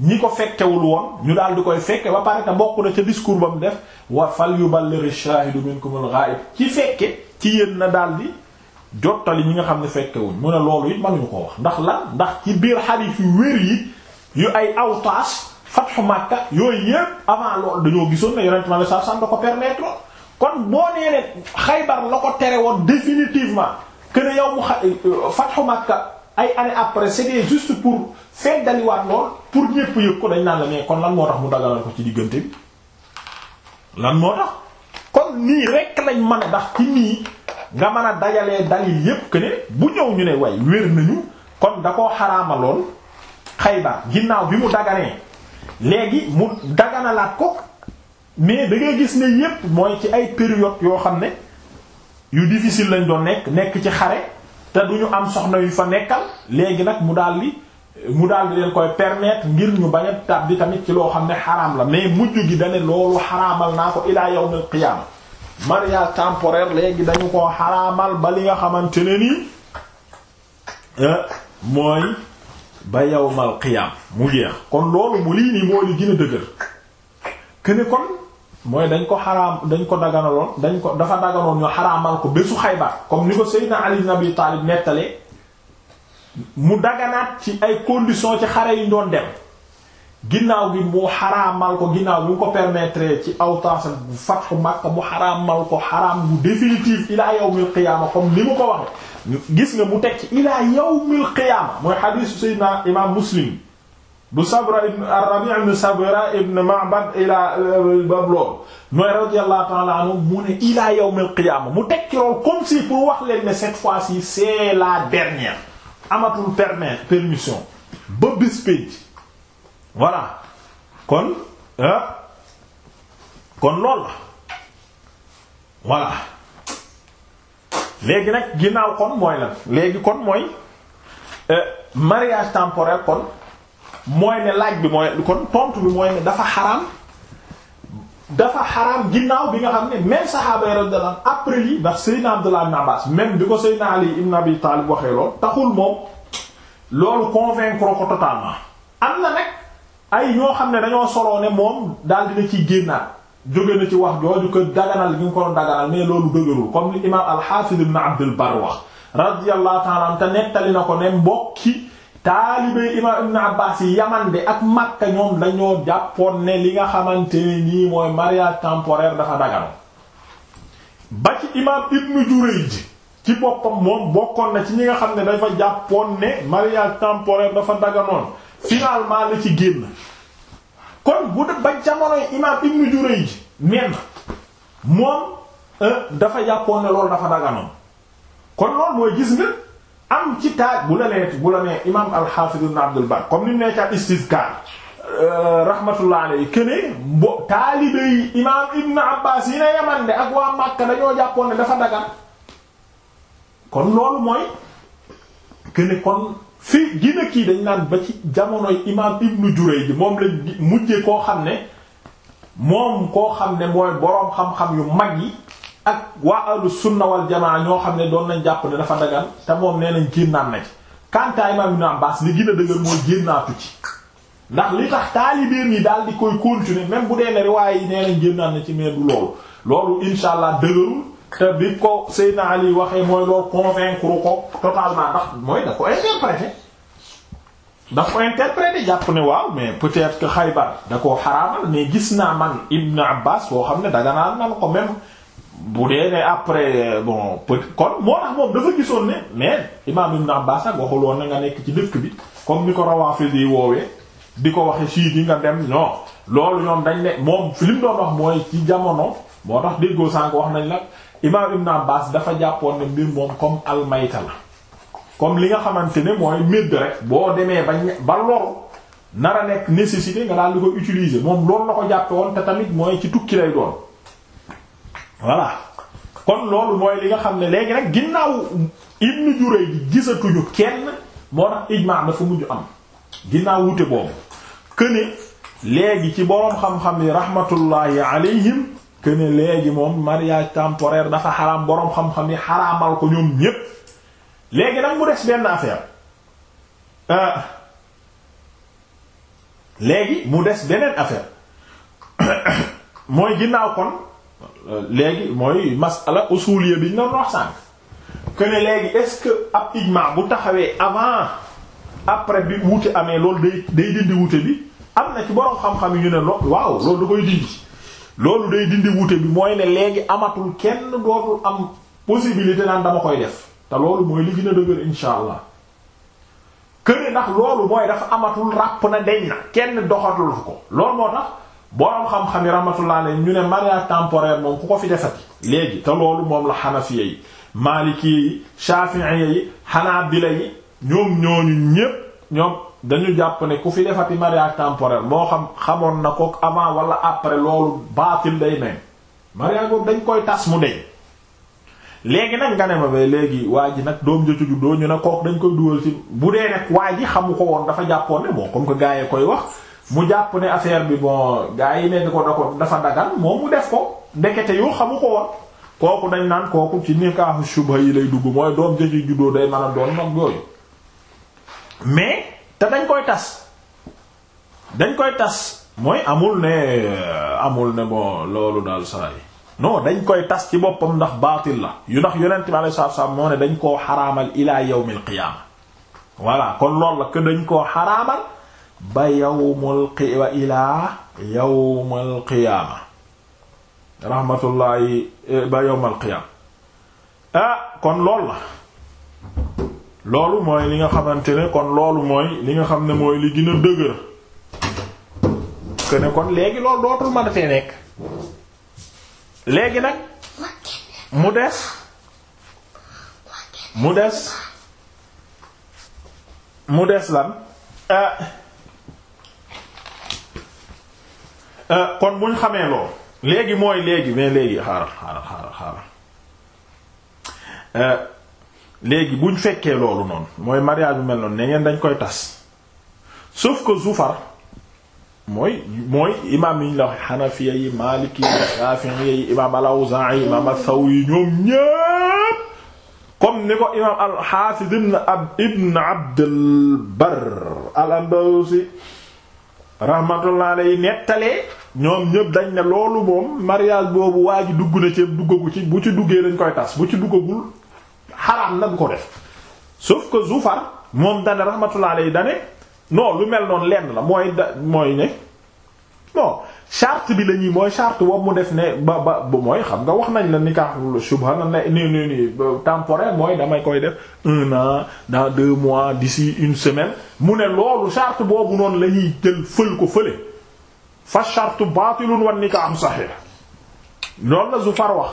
ñi ko fekkewul woon ñu daal di koy fekke ba pare te bokk na ca discours ba mu def wa fal yuballigh ash-shahidu minkumul ghaib ci fekke ci yéen na daal di jottali ñi nga xam ne fekkewuñ mu ne loolu it mënuñu ko wax ndax la ndax ci biir xadiis yu wér yi yu ay awtaas fatxu Makka yooyu yépp avant loolu dañoo gisoon ne yonent ma ne sax sax da ko permettre kon boo nee ne Xaybar la ko tere woon définitivement que ne yow mu fatxu Makka ay année après c'était juste pour feddaliwaat lool pour ñépp yëg ko dañ naan la mais kon lan moo tax mu dagalal ko ci diggante bi lan moo tax kon nii rek lañ mën a ndax ci nii nga mën a dajalee dalil yépp que ne bu ñëw ñu ne way wér nañu kon da koo xaraamaloon Xaybar ginnaaw bi mu daganee léegi mu daganalaat ko mais dangay gis ne yépp mooy ci ay période yoo xam ne yu difficile lañ doon nekk nekk ci xare te du ñu am soxna yu fa nekkal léegi nag mu daal di mu daal di koy permettre ngir ñu bañ a tàbbi tamit ci loo xam ne xaraam la mais mujj gi dane loolu xaramal naa ko ilaa yawmil qiyaama mariage temporaire léegi dañu ko xaraamal ba li nga xamante ne nii eh, mooy ba yawmal qiyaam mu jeex kon loolu mu lii nii moo li gën dëgër këne kon mooy dañ ko xaraam dañ ko daganaloon dañ ko dafa daganoon ñu xaraamal ko bésu Xaybar comme ni ko Seydina Ali ibn Abi Talib nettalee mu daganaat ci ay conditions ci xare yi doon dem ginnaaw bi mu xaraamal ko ginnaaw bi mu ko permettre ci awtaas bu fatxu Makka mu xaraamal ko xaraam bu définitif ilaa yawmil qiyaama comme ni mu ko waxe gis nga mu teg ci ilaa yawmil qiyaama mooy xadiisu Seydina Imaam Muslim bu sabra ibn ar-rabi' ibn sabra ibn ma'bad ila euh, bablool mooy radiyallahu ta'ala anhu mu ne ila yawm al mu tekki lool comme si pour wax leen ne cette fois yi c'est la dernière amatul permis permission ba bis pénc voilà kon ah kon lool la voilà léegi nag ginnaaw kon mooy lan léegi kon mooy euh, mariage temporaire kon mooy ne laaj bi mooy kon tontu bi mooy ne dafa xaraam dafa xaraam ginnaaw bi nga xam ne même saxaaba yi radiyallahu anhum après lii ndax Seydina bi ko Seydina Ali ibn Abi Talib waxee lool taxul moom loolu convaincre ko am na nag ay ñoo xam ne dañoo soloo ne moom daal dina ciy génnaat jóge na ci wax jooju ko daganal gi nga ko doon daganal mais loolu dëgërul comme li imaam al-Hafiz ibn Abd al-Barr wax radiyallahu an te nettali na ko ne mbokki taalibey imam ibn abbas yi yaman bi ak makka ñoom dañoo jàppoon ne li nga xamante ne nii mooy mariage temporaire dafa dagano ba ci imam ibn jurayj ci boppam moom bokkoon na ci ñi nga xam ne dafa jàppoon ne mariage temporaire dafa daganoon finalement la ci génn kon bu ba jamonoy imam ibn jurayj même moom euh, dafa jàppoon ne loolu dafa daganoon kon loolu mooy gis nga am ci taaj bu la leet bu la nee imaam al-Hafiz ibn Abdul Bar comme ni mu nee ca Istizkar euh, rahmatullah alayhi kene bo taalibe yi imaam Ibn Abbas yi ne Yaman ak waa Makka dañoo jàppoon ne dafa dagan kon loolu mooy kene kon fii gina kii dañ naan ba ci jamonoy imaam Ibn Jurayj moom lañ mujje koo xam ne moom koo xam ne mooy boroom xam-xam yu mag yi ak waa ahlu sunna wal jamaa ñoo xam ne doon nañ jàpp ne dafa dagal te moom nee nañ na ci kantaa imaam Ibn Abbaas li gën a ndax li tax taalibeem yi daal bu dee ne riwaay na ci mais du loolu loolu insha allah dëgërul te bi ko Seydina jàpp ne mais peut-être que gis naa man Ibn boo xam ne daganaan bu dee ne après euh, bon peut kon moo tax moom dafa gisoon ne mais imaam Ibn Abbas ak waxul woon na nga nekk ci dëkk bi comme ni ko Rawaafid yi woowee di ko waxe siit yi nga dem non loolu ñoom dañ ne moom fi lim doon wax mooy ci jamono moo tax déggoo sànq wax nañ la imaam Ibn Abbas dafa jàppoon na mbir moom comme almayta la comme li nga xamante ne mooy médd rek boo demee ba ba loru nar a nekk nécessité nga daal di ko utiliser moom loolu la ko jàppe te tamit mooy ci tukki lay doon voilà kon loolu mooy li nga xam ne léegi nag ginnaaw Ibn Jurayj ji gisatuñu kenn moo tax ijmaa dafa mujj am ginnaaw wute boobu këne léegi ci boroom xam-xam ni rahmatullahi alayhim këne léegi moom mariage temporaire dafa xaraam boroom xam-xam ni xaraamal ko ñoom ñépp léegi nag mu des benn affaire euh, léegi mu des beneen affaire (coughs) mooy ginnaaw kon Euh, léegi mooy masala usuliyya bi nga doon wax sànq léegi est-ce que ab ijmaa bu taxawee avant après bi wute amee loolu day day dindi wute bi am na ci borom xam-xam yu ñu ne lo waaw loolu da koy dindi loolu day dindi wute bi mooy ne léegi amatul kenn dootul am possibilité naan dama koy def te loolu mooy li gën a dëgër insha allah que ndax loolu mooy dafa amatul ràpp na deñ na kenn doxatul ko loolu moo tax. boo xam-xam yi rahmatullah alayhi ñu ne mariage temporaire moom ku ko fi defati léegi te loolu moom la xanafiya yi maaliki yi shafi'iyya yi xanaabila yi ñoom ñooñu ñépp ñoom dañu jàpp ne ku fi defati mariage temporaire moo xam xamoon na ko avant wala après loolu baatil day neen mariage boobu dañ koy tas mu dey léegi nag nga ne ma ba léegi waa ji nag doom jëccu ju doo ñu ne kook dañ koy dugal ci bu dee nag waa ji xamu ko woon dafa jàppoon ne bon comme koy wax mu jàpp ne affaire bi bon gars yi ne ko da ko dafa dagal moom mu def ko ndekete yoo xamu ko kooku dañ naan kooku ci nikaahu shubha yi lay dugg mooy doom jëci juddoo day mën a doon nag yooyu mais te dañ koy tas dañ koy tas mooy amul amul ne bon loolu daal saa yi dañ koy tas ci boppam ndax baatil la yu ndax yonent bi alayhi salaatu salaam moo ne dañ koo xaraamal ilaa yawmil qiyaama voilà kon loolu la que dañ koo xaraamal ba yawmul qi wa ilaa yawmul qiyaama rahmatullahi eh, ba yawmul qiyaama ah kon lool la loolu mooy li nga xamante ne kon loolu mooy li nga xam ne mooy li gën a dëgër que ne kon léegi loolu dootul mën a fee nekk léegi nag mu des mu des mu des lan ah Euh, kon buñ xamee lool léegi mooy léegi mais léegi xaaral xaaral xaaral xaaral euh, léegi buñ fekkee loolu noonu mooy mariage bu mel noonu ne ngeen dañ koy tas sauf que zufar mooy mooy imaam yi ñu la xanafiya yi maliki yi shafi'i yi imaam al-Awza'i yi imaam as-Sawi yi ñoom ñépp comme ni ko imaam al-Hafiz ibn ab ibn Abd al al-Andalusi rahmatullah alayhi nettalee ñoom ñëpp dañ ne loolu moom mariage boobu waa ji dugg na ci duggagu ci bu ci duggee lañ koy tas bu ci duggagul xaraam na du ko def sauf ko Zufar moom dane rahmatullah alayhi dane non lu mel noonu lenn la mooy da mooy ne non charte bi la ñuy mooy charte boobu mu def ne ba ba mooy xam nga wax nañ la nikaahu shubha na ne mooy damay koy def un dans deux mois d'ici une semaine mu ne loolu charte boobu noonu la ñuy jël fël ko fële fa shartu baatilun wan nikaah sahih loolu la Zufar wax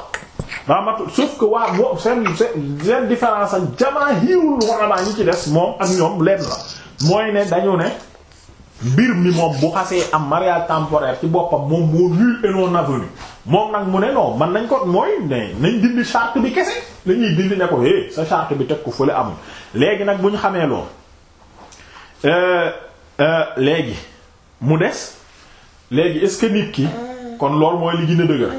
rahmatu sauf que waa boo seen seen différence ak jamaahirul ulama ñi ci des moom ak ñoom lenn la mooy ne dañu ne mbir mi moom bu xasee am mariage temporaire ci boppam moom moo nul et non avenu moom nag mu ne non man nañ ko mooy ne nañ dindi charte bi kese lañuy dindi ne ko é eh, sa charte bi teg ko fële amul léegi nag bu ñu xamee loolu euh, euh, léegi mu des léegi est-ce que nit ki kon loolu mooy li gën dëgër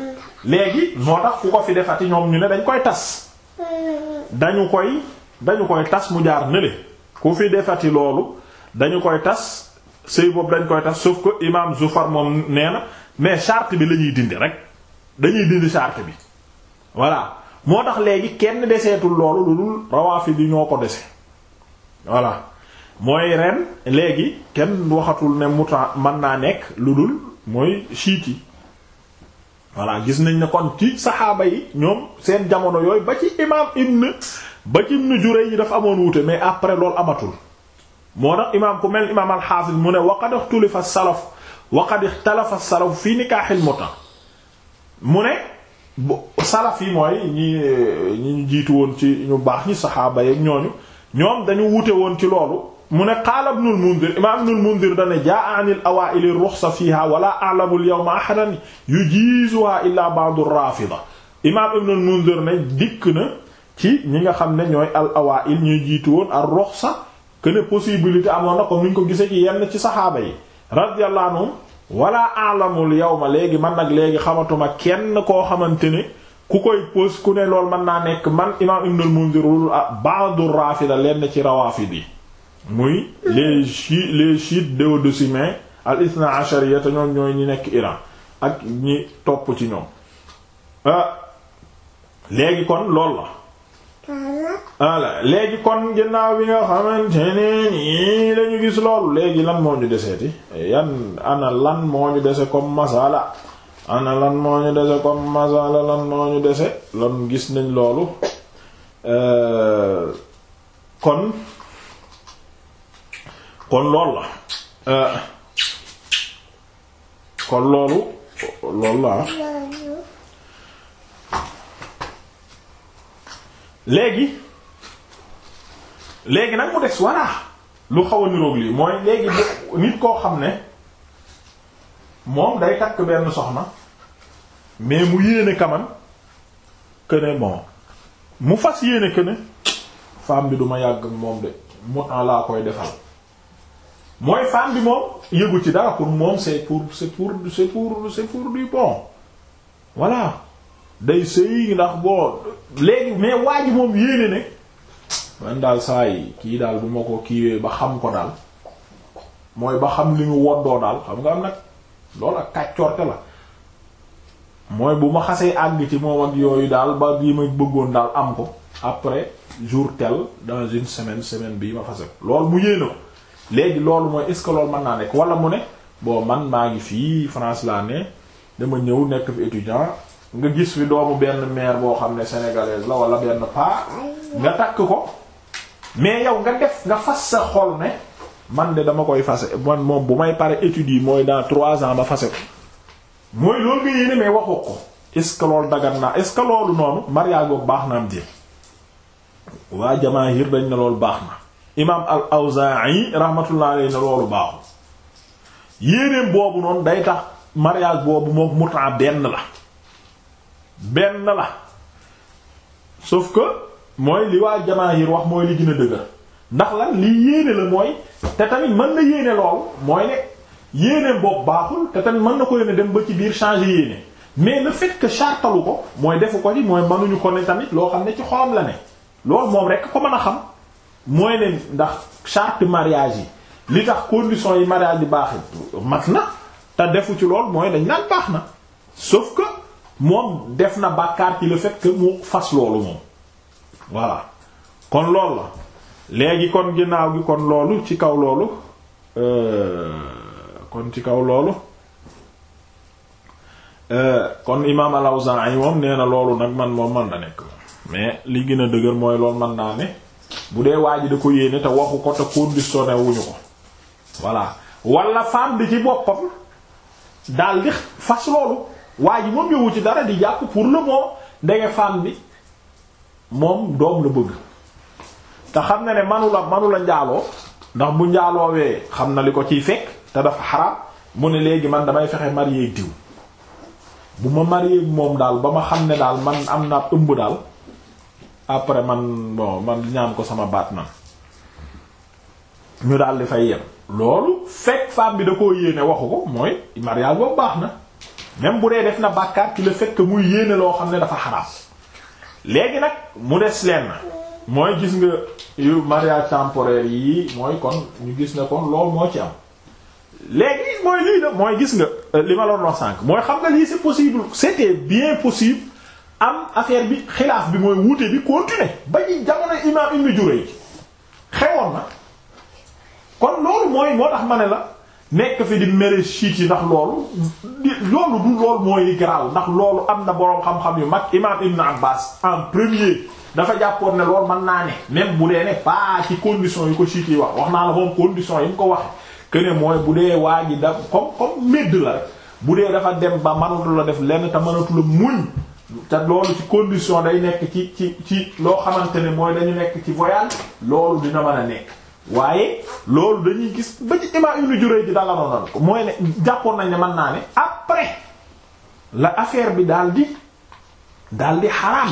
léegi moo tax ku ko fi defati ñoom ñu ne dañ koy tas dañu koy dañu koy tas mu jaar nële ku fi defati loolu dañu koy tas sëy boobu dañ koy tas sauf que imam Zufar moom nee na mais charte bi la ñuy dindi rek dañuy dindi charte bi voilà moo tax léegi kenn deseetul loolu lu dul rawaafi bi ñoo ko dese voilà mooy ren léegi kenn waxatul ne muta man naa nekk lu dul mooy chiites yi gis nañ ne kon ci saxaaba yi ñoom seen jamono yooyu ba ci imaam ibn ba ci ibn Juray yi dafa amoon wuute mais après loolu amatul moo tax imaam ku mel imaam al-Hafiz mu ne waqad ikhtalafa salaf waqad ikhtalafa salaf fii nikaahil muta mu ne salaf yi mooy ñi ñi ñu jiitu woon ci ñu baax ñi saxaaba yi ñooñu ñoom dañu wuute woon ci loolu mu ne qaala ibnul mundir imaam ibnul mundir dane jaa anil awaa'ili ruxsa fiiha wala a'lamu al yawma ahadan yujiizuha illa ba'du raafida imaam ibnul mundir ne dikk na ci ñi nga xam ne ñooy al awaa'il ñuy jiitu woon ar ruxsa que ne possibilité amoon na comme ni ko gisee ci yenn ci saxaaba yi radiyallahu anhum wala a'lamul yawma léegi man nag léegi xamatuma kenn koo xamante ne ku koy pos ku ne loolu mën naa nekk man imaam ibnul mundir ah, ba'du raafida leen ci rawaafid yi muy les chi les chiites duodécimains al ithna achariya te ñoom ñooy ñi nekk Iran ak ñi topp ci ñoom ah léegi kon lool la voilà ah, léegi kon ginnaaw bi nga xamante ne nii lañu gis loolu léegi lan moo ñu deseeti yan ana lan moo ñu dese comme masala ana lan moo ñu dese comme masala lan moo ñu dese lan gis nañ loolu euh, kon kon loolu la euh, kon loolu loolu la léegi léegi nag mu des voilà lu xaw a niroog lii mooy léegi nit koo xam ne moom day takk benn soxna mais mu yéene kaman que ne mu fas yéene que ne bi du ma yàgg moom de mu temps koy defal mooy femme bi moom yëgu ci dara pour moom c'est pour c'est pour c'est pour c'est pour du bon voilà day sëy ndax boo léegi mais waa ji moom yéene ne man daal saa yi kii daal bu ma ko kii ba xam ko daal mooy ba xam li mu woddoo daal xam nga am nag loolu ak kàccorte la mooy bu ma xasee àgg ci moom ak yooyu daal ba yi ma bëggoon daal am ko après jour tel dans une semaine semaine bii ma fase ko loolu mu yéene ko léegi loolu mooy est-ce que loolu mën naa nekk wala mu ne bon man maa ngi fii France laa ne dama ñëw nekk fi étudiant nga gis fi doomu benn maire boo xam ne sénégalaise la wala benn pa nga takk ko mais yow nga def nga fas sa xol ne man de dama koy fase man moom bu may pare études yi mooy dans trois ans ma fase ko mooy loolu nga yéene mais waxu ko est-ce loolu dagan naa est-ce que loolu noonu mariage boobu baax na am jéem waa jamaahir dañ ne loolu baax na imaam al awzaa'i rahmatullahi alayhi ne loolu baaxul yéenéem boobu noonu day tax mariage boobu moom mutaa benn la benn la sof que mooy li waa jamaahir wax mooy li gën dëgër ndax la lii yéene la mooy te tamit mën na yéene loolu mooy ne yéeneem boobu baaxul te tamit mën na ko yéene dem ba ci biir changer yéene mais le fekk que ko mooy defu ko ci mooy mënuñu ko ne tamit loo xam ne ci xolam la ne loolu moom rekk ko mën a xam mooy ne ndax charte mariage yi li tax conditions yi mariage bi baax mat na te defu ci lool mooy dañ naan baax na sauf que moom def na bàkkaar ci la fekk que fas loolu moom voilà kon lool la léegi kon ginnaaw gi kon loolu ci kaw loolu euh, kon ci kaw loolu euh, kon imaam al-Awzaa'i moom nee na loolu nag man moom man da nekk mais li gën a dëgër mooy loolu man naa ne bu dee waa ji da ko yéene te waxu ko te conditionné wuñu ko voilà wala femme bi ci boppam daal di fas loolu waa ji moom yowu ci dara di jàpp pour le moment ndege femme bi moom doom la bëgg te xam na ne manu la manu njaaloo ndax bu njaaloowee xam na li ko ciy fekk te dafa xaraam mu ne léegi man damay fexe marié diw bu ma marié moom daal ba ma xam ne daal man am naa ëmb daal après man bon man ñaam ko sama baat man ñu daal di yem loolu fekk femme bi da koo yéene waxu ko mooy mariage boobu baax na même bu dee def na bàkkaar ci le fait muy yéene loo xam ne dafa xaraam léegi nag mu des lenn mooy gis nga yu mariage temporaire yi mooy kon ñu gis ne kon loolu moo ci am léegi mooy lii la mooy gis nga euh, li ma loon wax sànq mooy xam nga lii c'est possible c'était bien possible am affaire bi xilaaf bi mooy wuute bi continuer ba ñu jamono imaam Ibn Jurayj xewoon na kon loolu mooy moo tax ma ne la nekk fi di mere chiit yi ndax loolu loolu du loolu mooy garaaw ndax loolu am na boroom xam-xam yu mag imaam Ibn Abbas en premier dafa jàppoon ne lool mën naa ne même bu dee ne pas ci condition yi ko chiit yi wax wax naa la moom condition yi mu ko wax que mooy bu dee waa ji da comme comme médd la rek bu dee dafa dem ba mënatu la def lenn te mënatu la te loolu ci condition day nekk ci ci ci loo xamante ne mooy dañu nekk ci voyage loolu dina mën a nekk waaye loolu dañuy gis ba ci imaam Ibn Jurayj ji dala noonu ko mooy ne jàppoon nañ ne man naa ne après la affaire bi daal di daal di xaraam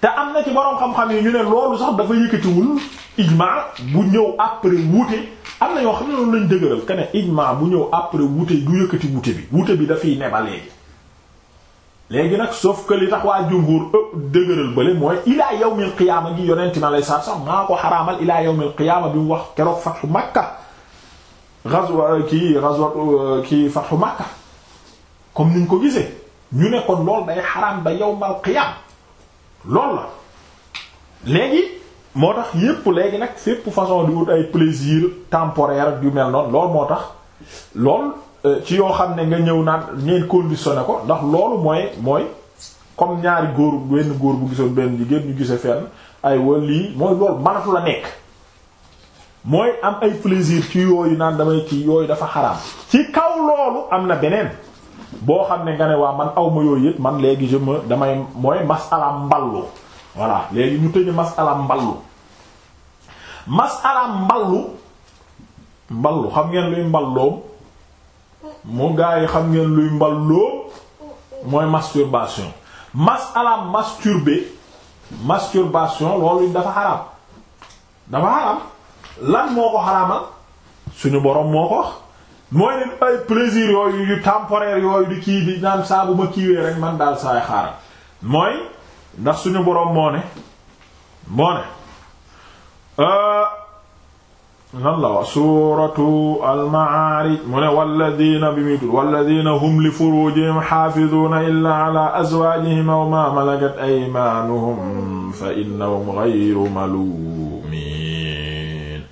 te am na ci boroom xam-xam yi ñu ne loolu sax dafa yëkkatiwul ijmaa bu ñëw après wuute am na ñoo xam ne loolu lañ dëgëral que ne bu ñëw après wuute du yëkkati wuute bi wuute bi dafay nebalee léegi nag sauf que tax waa jumhur ëpp euh, dëgëral bële mooy ilaa yawmil qiyaama gi yonent mi alayhi salaatu salaam maa ko xaraamal ilaa yawmil qiyaama bi mu wax keroog fatxu Makka ghazwa euh, kii ghazwa euh, kii fatxu Makka comme niñ ko gisee ñu ne kon lool day xaraam ba yawmal qiyaam lool la léegi moo tax yépp léegi nag fépp façon di wut ay plaisir temporaire ak yu mel noonu lool moo tax lool ci yoo xam ne nga ñëw naan ngeen conditionné ko ndax loolu mooy mooy comme ñaari góor góor bu gisoon benn jigéen ñu gise fenn ay wa lii mooy loolu manatu la nekk mooy am ay plaisir ci yooyu naan damay ci yooyu dafa xaraam ci kaw loolu am na beneen boo xam ne nga ne waa man awma yooyu yëpp man léegi je damay mooy masala mballu voilà léegi ñu tëj masala mballu masala mballu mballu xam ngeen luy mballoom mu gaa yi xam ngeen luy mballoo mooy masturbation masala masturbé masturbation loolu dafa xaraam dafa xaraam lan moo ko xaraamal suñu borom moo ko mooy ne ay plaisir yooyu yu temporaire yooyu di kii bi naan saa bu ma kiiwee rek man daal saay xaaral mooy ndax suñu borom moo ne moo ne. Euh, lan la wax suratu almaarij mu ne walladina bi muy tudd walladina hum li furujihim xaafiduuna illaa ala azwaajihim aw ma malakat aymaanuhum fa innahum gayru maluumiin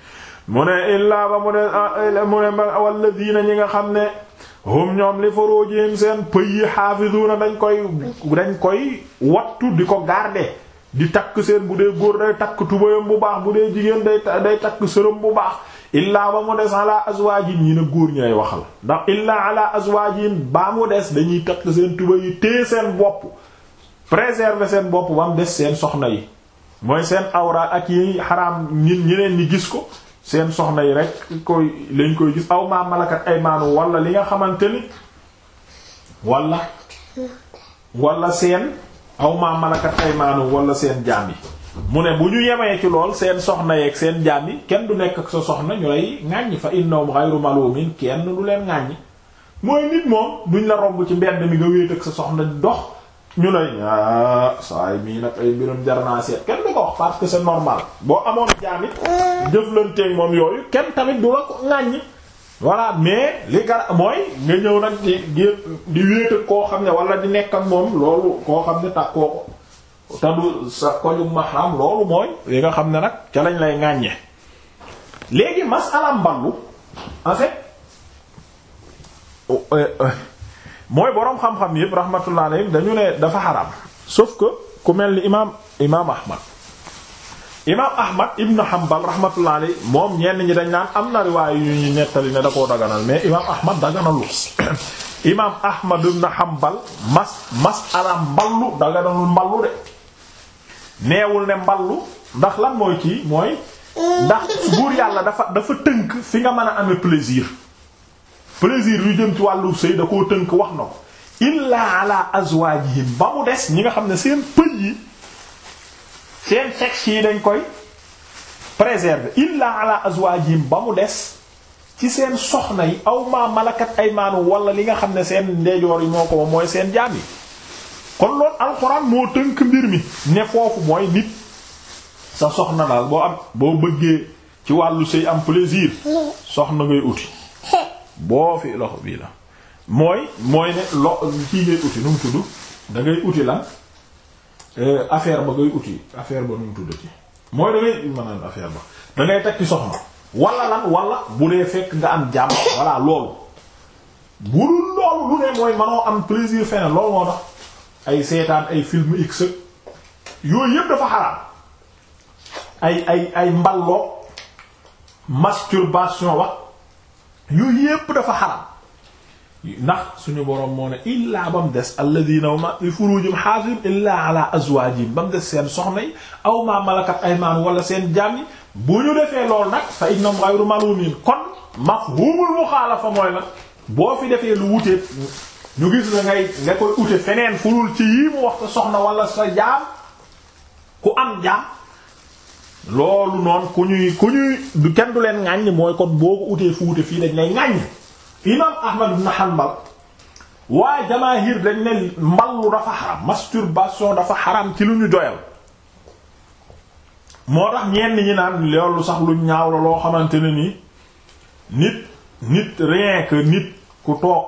mu ne illaa ba mu ne ah, mu ne walladina ñi nga xam ne hum ñoom li furujihim seen pëy yi xaafiduuna dañ koy dañ koy wattu di ko garder di takk seen bu dee góor day takk tubayam bu baax bu dee jigéen day day takk sërëm bu baax illaa ba mu des ala azwaajin ñi ne góor ñi lay waxal ndax illaa ala azwaajin ba mu des dañuy takk seen tuba yi téye seen bopp préserver seen bopp ba mu des seen soxna yi mooy seen awra ak yi xaram ñi ñeneen ñi gis ko seen soxna yi rek koy lañ koy gis aw ma malakat ay maanu wala li nga xamante ni wala seen aw maa malakat aymaanu wala seen jaam yi mu ne bu ñu yemee ci lool seen soxna yeeg seen jaam yi kenn du nekk ak sa soxna ñu lay ŋàññi fa innahum ghayru malumin kenn du leen ŋàññi mooy nit moom duñ la romb ci mbedd mi nga wéet ak sa soxna dox ñu lay ah saa mii nag ay mbirum jar naa seet kenn du ko parce que c'est normal boo amoon jaam it eh. moom yooyu kenn tamit du la ko ŋàññi voilà mais li gara mooy nga ñëw nag di di wéet koo xam ne wala di nekk ak moom loolu koo xam ne tàkkoo ko te sa koju mahram loolu mooy li nga xam ne nag ca lañ lay ŋàññe léegi masala mballu en oh, euh, euh, mooy boroom xam-xam yëpp rahmatullah alayhi dañu ne dafa xaraam sauf que ku mel ni imaam imaam Ahmad imaam Ahmad ibn Hanbal rahmatullah alayhi moom ñenn ñi dañ naan am na riwaay yu ñu nettali ne da koo daganal mais imaam Ahmad daganalu (coughs) imaam Ahmad ibn Hanbal mas masala mballu daganalul mballu de neewul ne mballu ndax lan mooy kii mooy ndax buur yàlla dafa dafa tënk fi nga mën a amee plaisir plaisir yu jëm ci wàllu sëy da koo tënk wax na ko illaa ala azwaajihim ba mu des ñi nga xam ne seen pëj yi seen sexe yi dañ koy préserver illa waa azwajihim ba mu des ci seen soxna yi aw ma malakat aymaanu wala li nga xam ne seen ndeejoor yi moo ko mooy seen jaam yi kon loolu alxuraan moo tënk mbir mi ne foofu mooy nit sa soxna daal boo am boo bëggee ci wàllu sëy am plaisir soxna ngay uti boo fi loxo bii la mooy mooy ne lo kii ngay uti nu mu tudd da uti lan Euh, affaire ba ngay uti affaire ba nu mu tudd ci mooy da ngay mën naan affaire ba da ngay takki soxna wala lan wala bu dee fekk nga am jàmm voilà loolu bu dul loolu lu ne mooy manoo am plaisir feneen loolu moo tax ay seetaan ay film x yooyu yëpp dafa xaraam ay ay ay mballoo masturbation wax yooyu yëpp dafa xaraam ndax suñu boroom moo ne illaa ba mu des alladina ma li furujum illaa azwaajim ba mu des seen soxna yi aw ma malakat aymaan wala seen jaam yi bu ñu defee lool nag fa innahum ghayru malumin kon mafhumul la boo fi defee lu wutee ñu gis na ngay nga koy ute feneen furul ci yii mu wax sa soxna wala sa jaam ku am jaam loolu noonu ku ñuy ku ñuy du kenn du leen ŋàññ mooy kon boo ko utee fu fii dañ lay ŋàññ imaam Ahmad ibn Hanbal waaye jamaahir dañ ne mballu dafa xaram masturbation dafa xaram ci lu ñu doyal moo tax ñenn ñi naan loolu sax lu ñaaw la loo xamante ne ni nit nit rien que nit ku toog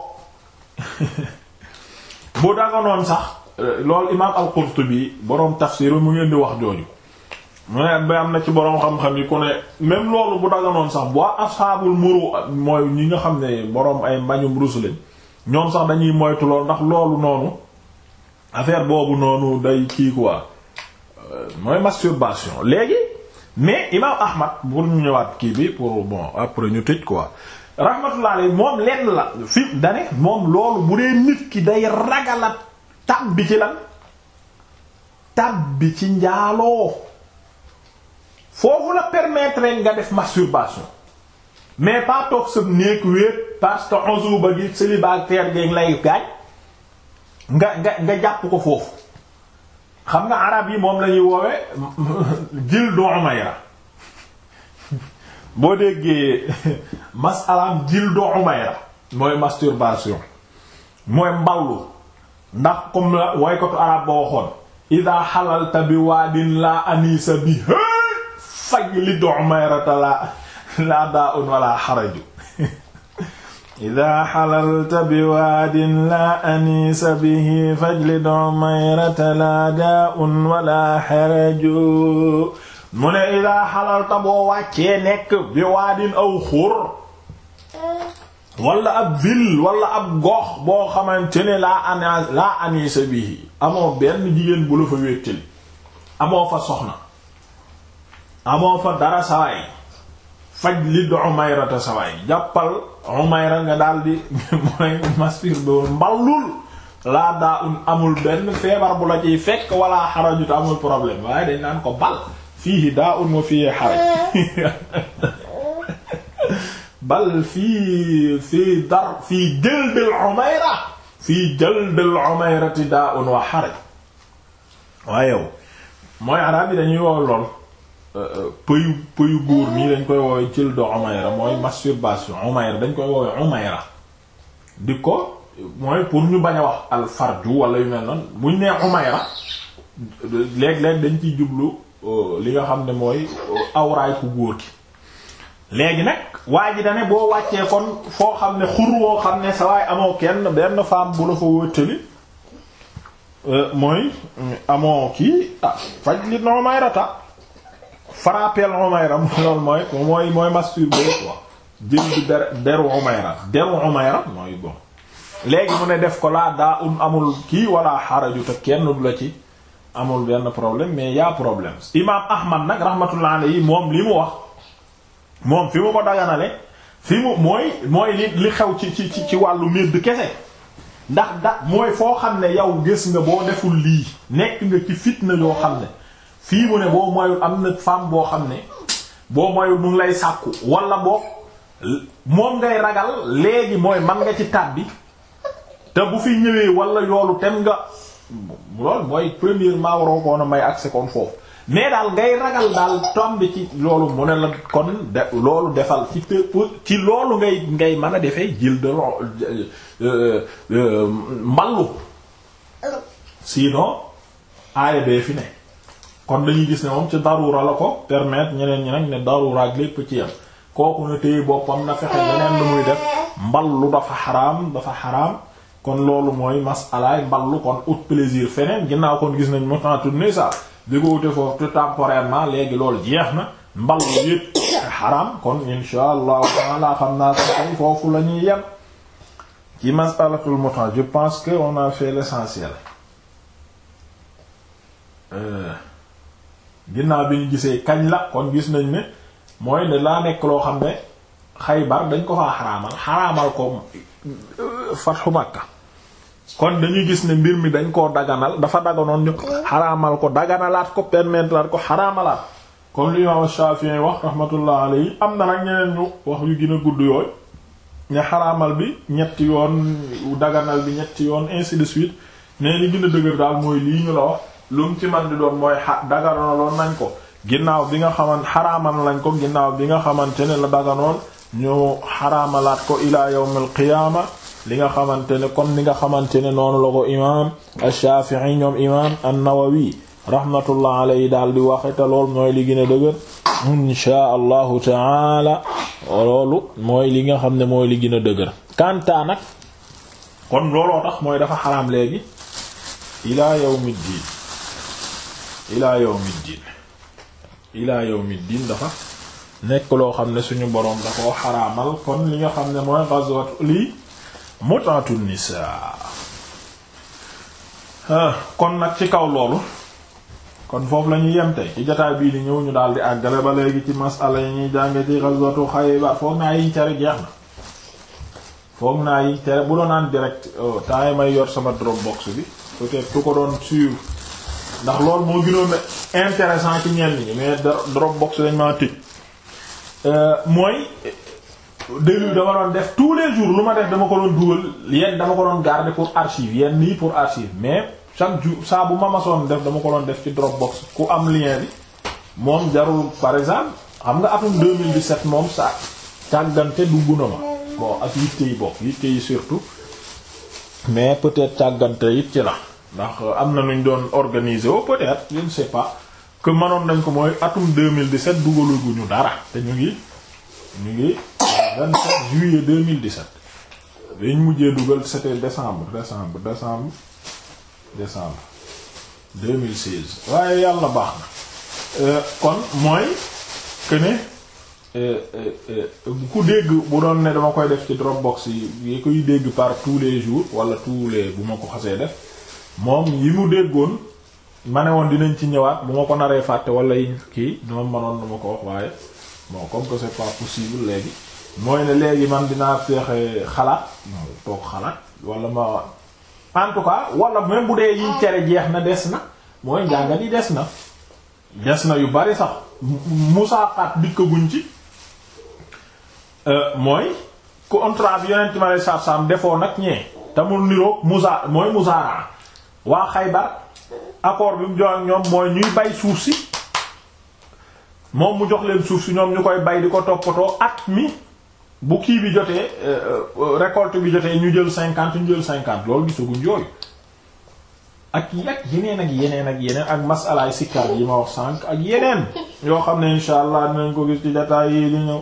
(laughs) bu daganoon sax loolu imaam al bi boroom tafsir mu ngeen di wax jooju mu ne am na ci boroom xam-xam yi même loolu bu daganoon sax bu asxaabul muru mooy ñi nga xam ne boroom ay mbañum rus lañ ñoom sax dañuy moytu ndax loolu noonu affaire boobu noonu day kii quoi euh, mooy masturbation léegi mais imaam Ahmad pour ñu ñëwaat kii bi pour bon ñu tëj quoi rahmatullah alayhi moom lenn la fi loolu bu dee nit ki day ragalat tab bi ci lan tab bi ci njaaloo foofu la permettre nga def masturbation mais pas toog sa néeg wéet parce que onze ba gi célibataire lay gaaj nga nga nga jàpp ko foofu xam nga arab yi moom lañuy woowe jildu umayra boo déggee masalaam jildu umayra mooy masturbation mooy mbawlu ndax comme waykatu arab ba waxoon ida xalalta bi waadin la anisa bi fajli du'mayrata la laa daa'un wala xaraju idaa xalalta biwaadin laa aniisa bihi fajli du'mayrata laa daa'un wala xaraju mu ne idaa xalalta boo wàccee nekk biwaadin aw xur wala ab ville wala ab gox boo xamante ne laa an laa aniisa bihi amoo benn jigéen bu la fa wéttali amoo fa soxna amoo fa dara sawaay faj li du umayrata sawaay jàppal umayra nga daldi (laughs) mooy masfir boobu mballul laa daa un amul benn feebar bu la ciy fekk wala xarajut amul problème waaye dañ naan ko bal (laughs) fii fii dar fii jëldil umayra fii jëldil umayrati daa un wa xaraj waaye mooy araab dañuy wow lool Euh, euh, pëyu pëyu góor nii dañ koy woowe cil de mooy masturbation umayra dañ koy woowe umayra di ko mooy pour ñu bañ a wax alfarju wala yu mel noonu buñ dañ ciy jublu euh, li nga xam ne mooy awraay ku góor ki léegi nag waa ji dane boo wàccee kon foo xam ne xur woo xam ne sa waay amoo kenn benn femme bu la fa wëttali mooy amoo kii ah, faj li noo may frappeel (laughs) mooy mooy mooy masturbé quoi der deru Umayra deru mooy bon léegi mu ne def ko amul kii wala xaraju te kenn du la ci problème mais y'a problème imaam nag rahmatullah alayhi moom li mu wax moom fi mooy mooy li xew ci ci ci wàllu médd kese ndax da mooy foo xam ne yow gis nga boo deful lii nekk nga ci fitna yoo xam ne fii mu ne boo moyul am na femme boo xam ne boo moyul mu lay sàkku walla boo moom ngay ragal léegi mooy man nga ci tàbbi te bu fi ñëwee wala yoolu tem nga loolu mooy premièrement waroo koon a may accès kon foofu mais daal ngay ragal daal tombi ci loolu mu ne la kon de loolu defal ci loolu ngay ngay mën a defee jil de euh, euh, euh, mballu sinon aaya bee fi ne kon dañuy gis ne moom ci darura la ko permettre ñeneen ñi nag ne darura ak lépp ci yam kooku na téye boppam na fexe leneen lu muy def mballu dafa xaraam dafa xaraam kon loolu mooy masalaay mballu kon ut plaisir feneen ginnaaw kon gis nañ mutatu nisa dégowute foofu te temporairement léegi loolu jeex na mballu yépp xaraam kon insha allahu taala xam naa sa koy foofu la ñuy yem ci masalatul muta je pense que on a fait l'essentiel euh, ginnaaw bi ñu gisee kañ la kon gis nañ ne mooy ne laa nekk loo xam ne Xaybar dañ ko faa xaraamal xaraamal ko euh, fatxu Makka kon dañuy gis ne mbir mi dañ koo daganal dafa daganoon ñu xaraamal ko daganalaat ko permettre ko xaraamalaat kon li imam Shafi'i wax rahmatullah alayhi am na nag ñeneen ñu wax yu gën a gudd yooyu ne xaraamal bi ñetti yoon daganal bi ñetti yoon ainsi de suite mais li gën dëgër daal mooy lii ñu la wax lu mu ci man di doon mooy xa daganaloon nañ ko ginnaaw bi nga xaman xaraaman lañ ko ginnaaw bi nga xamante ne la daganoon ñu xaraamalaat ko ila yawmil qiyaama li nga xamante ne comme ni nga xamante ne noonu la ko imaam ash-Shafi'i ñoom imaam an daal di waxe lool mooy li gën a dëgër inshaa li nga xam ne mooy li gën a dëgër kantaa looloo tax mooy dafa xaraam léegi ila yawmid diin ilaa yawmiddin ilaa yawmiddin dafa nekk loo xam ne suñu boroom da koo xaraamal kon li nga xam ne mooy ghazwat lii mut'atu nisaa kon nag ci kaw loolu kon foofu la ñuy yem tey ci jotaay bii ni ñëw ñu daal di àggale ba léegi ci masala yi ñuy jànge ci ghazwatu Xaybar foog naa yiñ cere jeex na foog naa yiñ cere bu doon en direct oh, temps yi yor sama Dropbox bi peut-être ku ko doon suivre ndax loolu moo gënoon intéressant ci ñenn ñi mais Dropbox dañ maa tëj euh, mooy début dama doon def tous les jours lu ma def dama ko doon dugal yenn dama ko doon garder pour archive yenn nii pour archive mais chaque jour saa bu ma masoon def dama ko doon def ci Dropbox ku am lien bi moom jarul par exemple xam nga atum 2017 moom sa càggante dugg na ma bon ak yitte yi bokk yitte yi surtout mais peut-être càggante it ci la ndax euh, am na nuñ doon organiser o peut-être je ne sais pas que manoon nañ ko mooy atum 2017 dugaluguñu dara te ñu ngi ñu ngi 27 juillet 2017 dañ mujjee dugal c'était décembre décembre décembre décembre 2016 waaye yàlla baax na euh, kon mooy que ne euh, ku dégg bu doon ne dama koy def ci Dropbox yi yi koy dégg par tous les jours wala tous les bu ma ko xasee def moom yi mu déggoon ma ne woon dinañ ci ñëwaat bu ma ko naree fàtte wala yi kii dama mënoon dama ko wax waaye bon comme que c'est pas possible léegi mooy ne léegi man dinaa fexe xalaat toog xalaat wala ma en tout cas wala même bu dee yiñ cere jeex na des na mooy njàngal yi des na des na yu bari sax musaaqaat dikkaguñ ci euh, mooy contrat bi yonent ma lay saab saam defoo nag ñee tamul niroog musa mooy musaara waa Xaybar accord bi mu jox ak ñoom mooy ñuy bay suuf si moom mu jox leen suuf si ñoom ñu koy bay di ko toppatoo at mi bu kii bi jotee euh, euh, récolte bi jotee ñu jël cinquante ñu jël cinquante loolu gisaguñ yooyu ak yag yeneen ak yeneen ak yeneen ak masalaay sikkar yi ma wax sànq ak yeneen yoo xam ne insha allah dinañ ko gis ci jotaay yi li ñëw